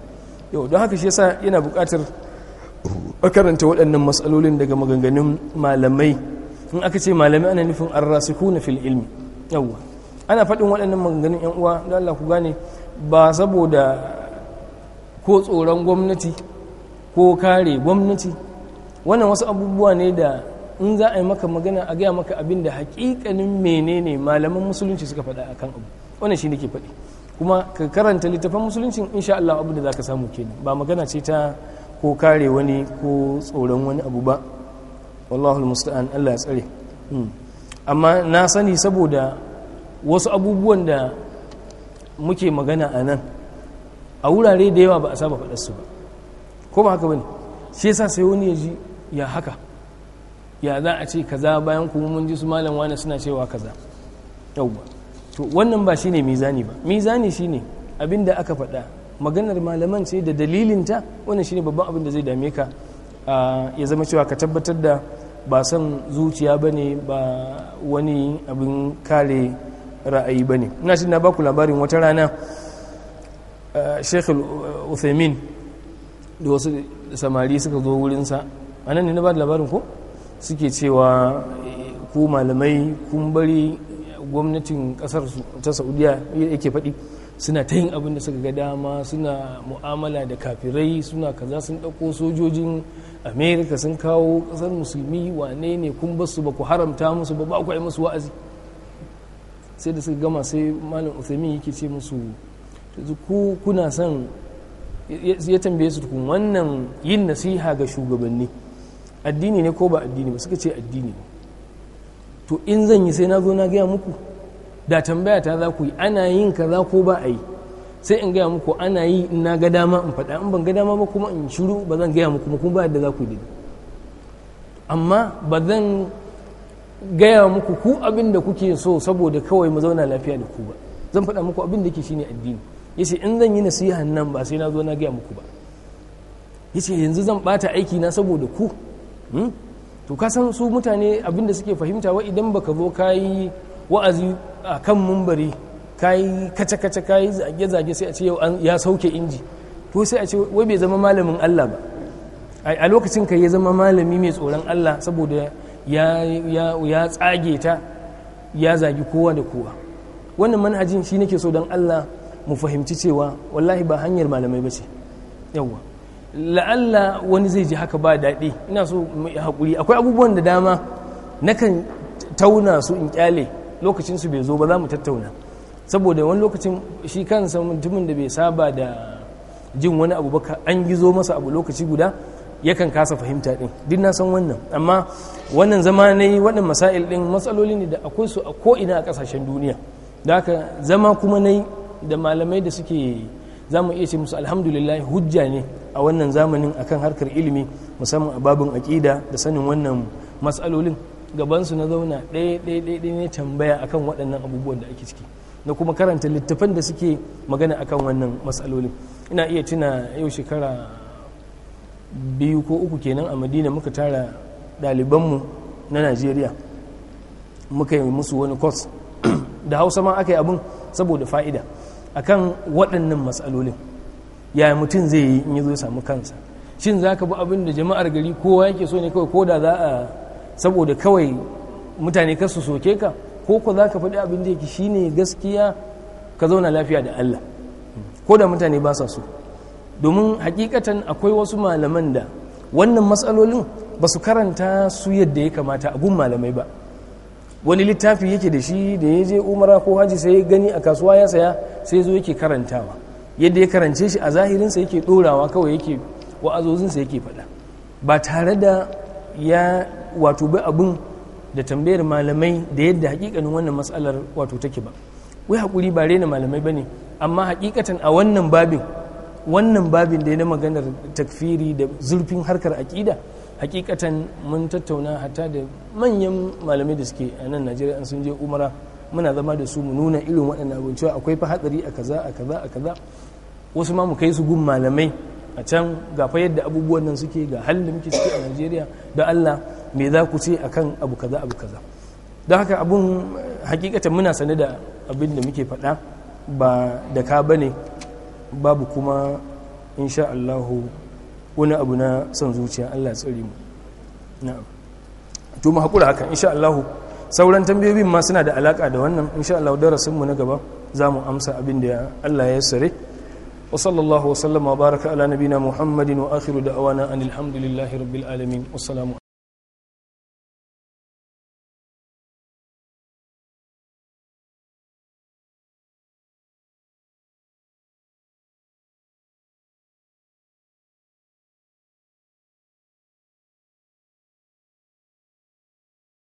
yau don haka shi yasa yana bukatar a karanta waɗannan matsalolin daga maganganun malamai in aka ce malamai ana nufin kuna fil ilmi yauwa ana faɗin waɗannan maganganun yan uwa don Allah ku gane ba saboda ko tsoron gwamnati ko kare gwamnati wannan wasu abubuwa ne da in za a yi maka magana a gaya maka abin da hakikanin menene malaman musulunci suka faɗa a kan abu wannan shi nake faɗi kuma ka karanta littafin musulunci insha Allah abu da za ka samu kenan ba magana ce ta ko kare wani ko tsoron wani abu ba wallahu musta'an Allah ya tsare hmm. amma na sani saboda wasu abubuwan da muke magana a nan a wurare da yawa ba a saba faɗar su ba ko ba haka ba ne shi yasa sai wani ya ji ya haka ya za a ce kaza bayan kuma mun ji su malam wani suna cewa kaza yauwa to wannan ba shine mizani ba mizani shine abin da aka faɗa maganar malaman ce da dalilinta wannan shine babban abin da zai dame ka ya zama cewa ka tabbatar da ba son zuciya ba ne ba wani abin kare ra'ayi ba ne ina shi na ku labarin wata rana shekul uthaymin da wasu samari suka zo wurinsa a nan ne na ba da labarin ko suke cewa eh, ku malamai kun bari gwamnatin kasar ta saudiya yake faɗi suna ta yin abin da suka ga dama suna mu'amala da kafirai suna kaza sun ɗauko sojojin amerika sun kawo ƙasar musulmi wane ne kun basu ba ku haramta musu ba ba ku yi musu wa'azi sai da suka gama sai malam uthami yake ce musu ku kuna son ya tambaye su tukun wannan yin nasiha ga shugabanni addini ne ko ba addini ba suka ce addini ne to in zan yi sai na zo na gaya muku da tambaya ta za ku yi ana yin kaza ko ba a yi sai in gaya muku ana yi in na ga dama in faɗa in ban ga dama ba kuma in shiru ba zan gaya muku kuma ba yadda za ku yi amma ba zan gaya muku ku abin da kuke so saboda kawai mu zauna lafiya da ku ba zan faɗa muku abin da ke shine addini yace in zan yi nasihan nan ba sai na zo na gaya muku ba yace yanzu zan bata aiki na saboda ku Hmm? to ka san su mutane abinda suke fahimta wa idan baka zo ka yi wa'azi a kan mumbari ka yi kace-kace ka yi zage-zage sai a ce ya sauke inji to sai a ce wai bai zama malamin Allah ba a lokacin ka ya zama malami mai tsoron Allah saboda ya tsage ta ya zagi kowa da kowa wannan manhajin shi nake so don Allah mu fahimci cewa wallahi ba hanyar malamai ba ce yawwa la'alla wani zai ji haka ba daɗi ina so mai haƙuri akwai abubuwan da dama nakan tauna su in kyale lokacin su bai zo ba za mu tattauna saboda wani lokacin shi kan kansa mutumin da bai saba da jin wani abu baka an gizo masa abu lokaci guda yakan kasa fahimta ɗin duk na san wannan amma wannan zama na yi wannan masail ɗin matsaloli ne da akwai su a ko'ina a kasashen duniya da haka zama kuma na yi da malamai da suke za mu iya ce musu alhamdulillah hujja ne a wannan zamanin akan harkar ilimi musamman a babin aƙida da sanin wannan matsalolin gabansu na zauna ɗaya ɗaya ɗaya ne tambaya akan waɗannan abubuwan da ake ciki na kuma karanta littafan da suke magana akan wannan matsalolin ina iya tuna yau shekara biyu ko uku kenan a madina muka tara ɗalibanmu na najeriya muka yi musu wani kwas da hausa ma aka yi abin saboda fa'ida akan waɗannan matsalolin ya mutum zai yi in ya zo samu kansa shin za ka bi abin da jama'ar gari kowa yake so ne kawai ko da za a saboda kawai mutane kar su soke ka ko ko za ka faɗi abin da yake ne gaskiya ka zauna lafiya da Allah ko da mutane ba sa so domin hakikatan akwai wasu malaman da wannan matsalolin ba su karanta su yadda ya kamata a gun malamai ba wani littafi yake da shi da ya je umara ko haji sai ya gani a kasuwa ya saya sai zo yake karantawa yadda ya karance shi a zahirinsa yake ɗorawa kawai yake wa'azozinsa yake faɗa ba tare da ya wato bi abin da tambayar malamai da yadda hakikanin wannan matsalar wato take ba wai hakuri ba rena malamai ba ne amma hakikatan a wannan babin wannan babin da ya na maganar takfiri da zurfin harkar aƙida hakikatan mun tattauna hata da manyan malamai da suke a nan najeriya an sun je umara muna zama da su mu nuna irin waɗannan abin cewa akwai fa hatsari a kaza a kaza a kaza wasu ma mu kai su gun malamai a can ga fa yadda abubuwan nan suke ga halin da muke ciki a najeriya da allah me za ku ce akan abu kaza abu kaza don haka abun hakikatan muna sane da abin da muke faɗa ba da ka bane babu kuma insha allahu wani abu na son zuciya Allah tsari mu na'am to mu hakura hakan insha Allah sauran tambayoyin ma suna da alaka da wannan insha Allah darasin mu na gaba zamu amsa abin da Allah ya sare wa sallallahu wa sallama baraka ala nabina muhammadin wa akhiru da'wana anil hamdulillahi rabbil alamin wassalamu